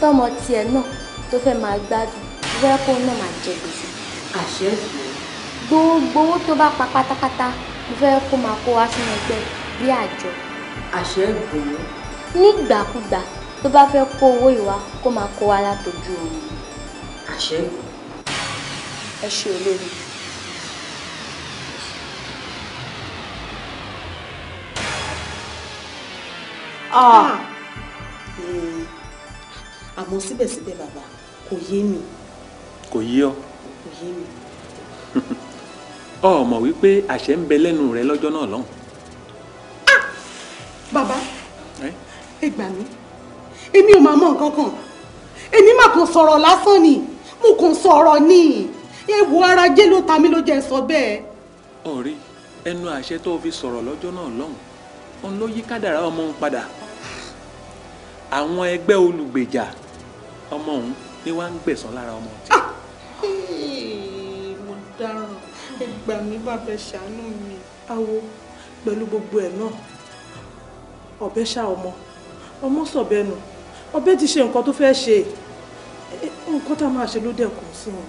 tọmọ tiẹ̀ náà tó fẹ́ máa gbádùn fẹ́ kó náà máa jẹ gbèsè. àṣẹ ìfẹ́. gbogbo owó tó bá pa pátápátá mo fẹ́ kó máa kó wá sínú ẹgbẹ́ bí àjọ. àṣẹ ìgbòho. nígbàkúgbà tó bá fẹ́ kó owó ìwà kó máa kó wá látọjú òun àṣẹ ń gùn. ẹ ṣe olórí. Ah. Ah. Hmm. àmọ́ síbẹ̀síbẹ̀ bàbá kò yé mi. kò yé ọ. kò yé mi. ọ mọ̀ wípé àṣẹ ń bẹ lẹ́nu rẹ lọ́jọ́ náà lọ́hùn. Ah! bàbá ẹ gbà mí èmi ò máa mọ nǹkan kan èmi mà kàn sọ̀rọ̀ lásán ni mo kàn sọ̀rọ̀ ni ewu ara jẹ́ ló ta mí ló jẹ́ sọ bẹ́ẹ̀. ọ̀rẹ́ ẹnu àṣẹ tó fi sọ̀rọ̀ lọ́jọ́ náà lọ́hùn òun ló yí kádàrá ọmọ òun padà àwọn ẹgbẹ́ olùgbèjà ọmọ òun ni wàá ń gbẹ̀san lára ọmọ tí. Ah! mo dáràn ẹ gbà mí bàbá ṣàánú mi awo pẹ̀lú gbogbo ẹ̀ náà ọ̀bẹ ṣá ọmọ ọmọ sọ̀bẹ nù ọ̀bẹ ti ṣe nǹkan tó fẹ́ ṣe nǹkan tá a máa ṣe ló dẹ̀ kù sí wọn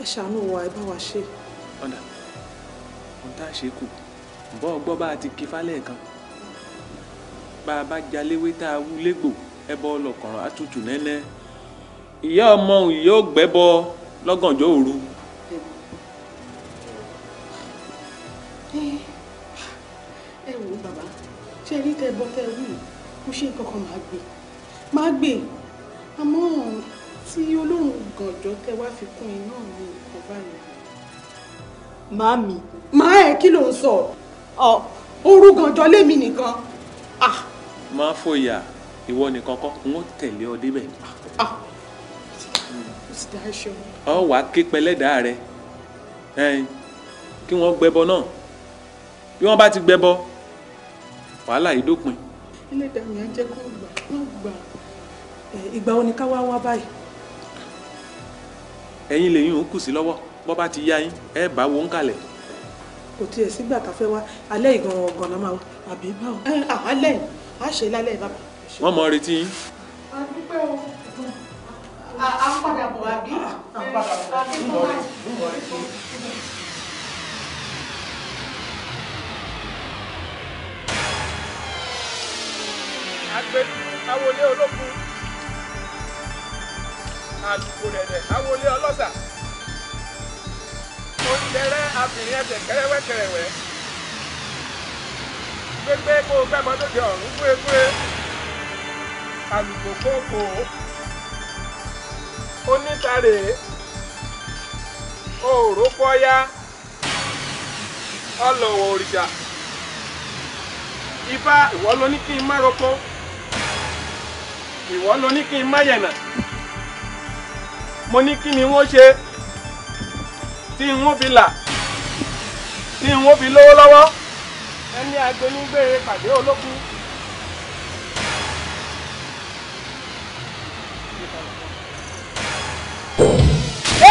ẹ ṣàánú wa ẹ bá wa ṣe. ọ̀dà ohun tá a ṣe kù bọ́ ọgbọ́ bá a ti kí fálẹ̀ kan bá a bá jaléwé tá a wú légbò ẹ bọ́ ọlọ́kànrán àtútù nẹ́lẹ́ ìyá ọmọ òun yóò gbẹ́bọ lọ́gànjọ́ òru. ẹ wò ó bàbá ṣe rí tẹ bọ́ tẹ wí kó ṣe nǹkan kan máa gbé máa gbé àmọ́ tí olóhùn gànjọ́ tẹ wá fi kún iná mi nǹkan báyìí. Màámi, màá ẹ̀ kí ló ń sọ? Ọ̀ orú gànjọ́ lémi nìkan. Máa fòyà ìwọ nìkan kọ́, n ó tẹ̀lé ọ débẹ̀. Ọ wàá ké pẹlẹ́dàá rẹ kí wọ́n gbẹbọ náà bí wọ́n bá ti gbẹbọ wàhálà yìí dópin. Ẹlẹ́dàá mi á jẹ́ kó gbà kó gbà ìgbà wo wá báyìí ẹ̀yin lèyìn ò kù sí lọ́wọ́ bọ́ bá ti yá yín ẹ bá wo ń kalẹ̀. kò tiẹ̀ sígbà tá a fẹ́ wá alẹ́ ìganran ọ̀gàn náà máa wá àbí báwo. ẹ àwọn alẹ́ yìí ṣe lálẹ́ bàbá. wọ́n mọ retí yín. a dúpẹ́ o a padà bọ̀ àbí. a padà bọ̀ àbí. àgbẹ̀ awolé olókun àlùkò rẹ̀rẹ̀ awolé ọlọ́sà onídẹrẹ́ abìnrin ẹsẹ̀ kẹrẹwẹ́ kẹrẹwẹ́ gbégbé kó o fẹ́ mọ́tòkè ọ̀run gbégbé àlùkò kókò onítàrè òrókọ́yá ọlọ́wọ̀ òrìṣà ifá ìwọ ló ní kí n má roko ìwọ ló ní kí n má yẹ̀nà mo ní kí ni wọ́n ṣe tí wọ́n fi là tí wọ́n fi lówó lọ́wọ́ ẹni agbónígbèrè pàdé olókùn.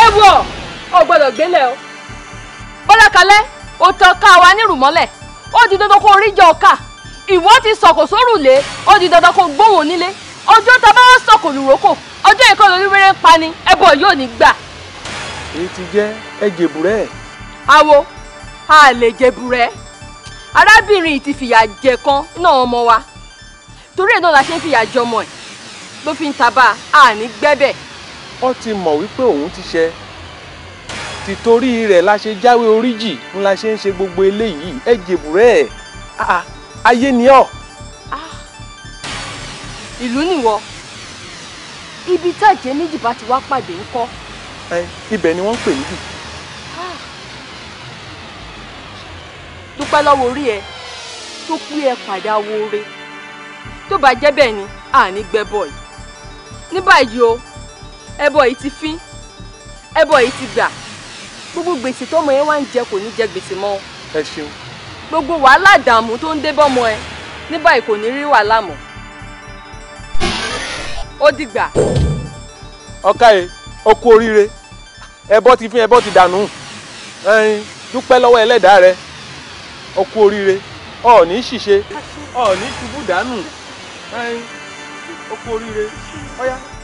ewọ o gbọ́dọ̀ gbélé o bọ́lá kalẹ̀ o tàn ká wa nírùmọ́lẹ̀ ó di dandan kó orí jẹ ọ̀ka ìwọ ti sọ̀kò sórùlé ó di dandan kó gbóhùn onílé ọjọ́ tá a bá wá sọ̀kò lùrókò ọjọ́ ìkọ́ lórí wẹ́rẹ́ ń pa ni ẹbọ yóò ní gbà. èyí ti jẹ́ ẹ jèbùrẹ́. àwo a lè jèbùrẹ́ arábìnrin yìí ti fìyà jẹ kan náà ọmọ wa torí ẹ̀ náà la ṣe ń fìyà jọmọ ẹ̀ ló fi ń taba a ní gbẹ́bẹ̀. wọ́n ti mọ̀ wípé òun ti ṣe tìtorí rẹ̀ la ṣe jáwé oríjì ń la ṣe ń ṣe gbogbo eléyìí ẹ jèbùrẹ́ ẹ̀ ah, ah, ayé ni ọ́. Ah, ìlú nìwọ ibi tí àjẹ́ níjì bá ti wá pàdé ńkọ́. ẹ ibẹ̀ ni wọ́n ń pè níjì. dúpẹ́ lọ́wọ́ orí ẹ tó kú ẹ pàdé awoore tó bá jẹ́ bẹ́ẹ̀ ni àní gbẹ́bọ̀ yìí ní báyìí o ẹbọ yìí ti fín ẹbọ yìí ti gbà gbogbo gbèsè tọmọ yẹn wá ń jẹ kò ní jẹ gbèsè mọ́. ẹ ṣeun. gbogbo wàhálà ìdààmú tó ń dé bọ́mọ ẹ ní báyìí kò ní rí wàhálà mọ́. odigba dìgbà. oku orire ó ẹbọ ti fín ẹbọ ti dànù ẹyin dúpẹ́ lọ́wọ́ ẹlẹ́dàá rẹ ó kú oríire ó ní ṣìṣe ó ní ṣubú dànù ẹyin orire kú oríire ọ̀ya.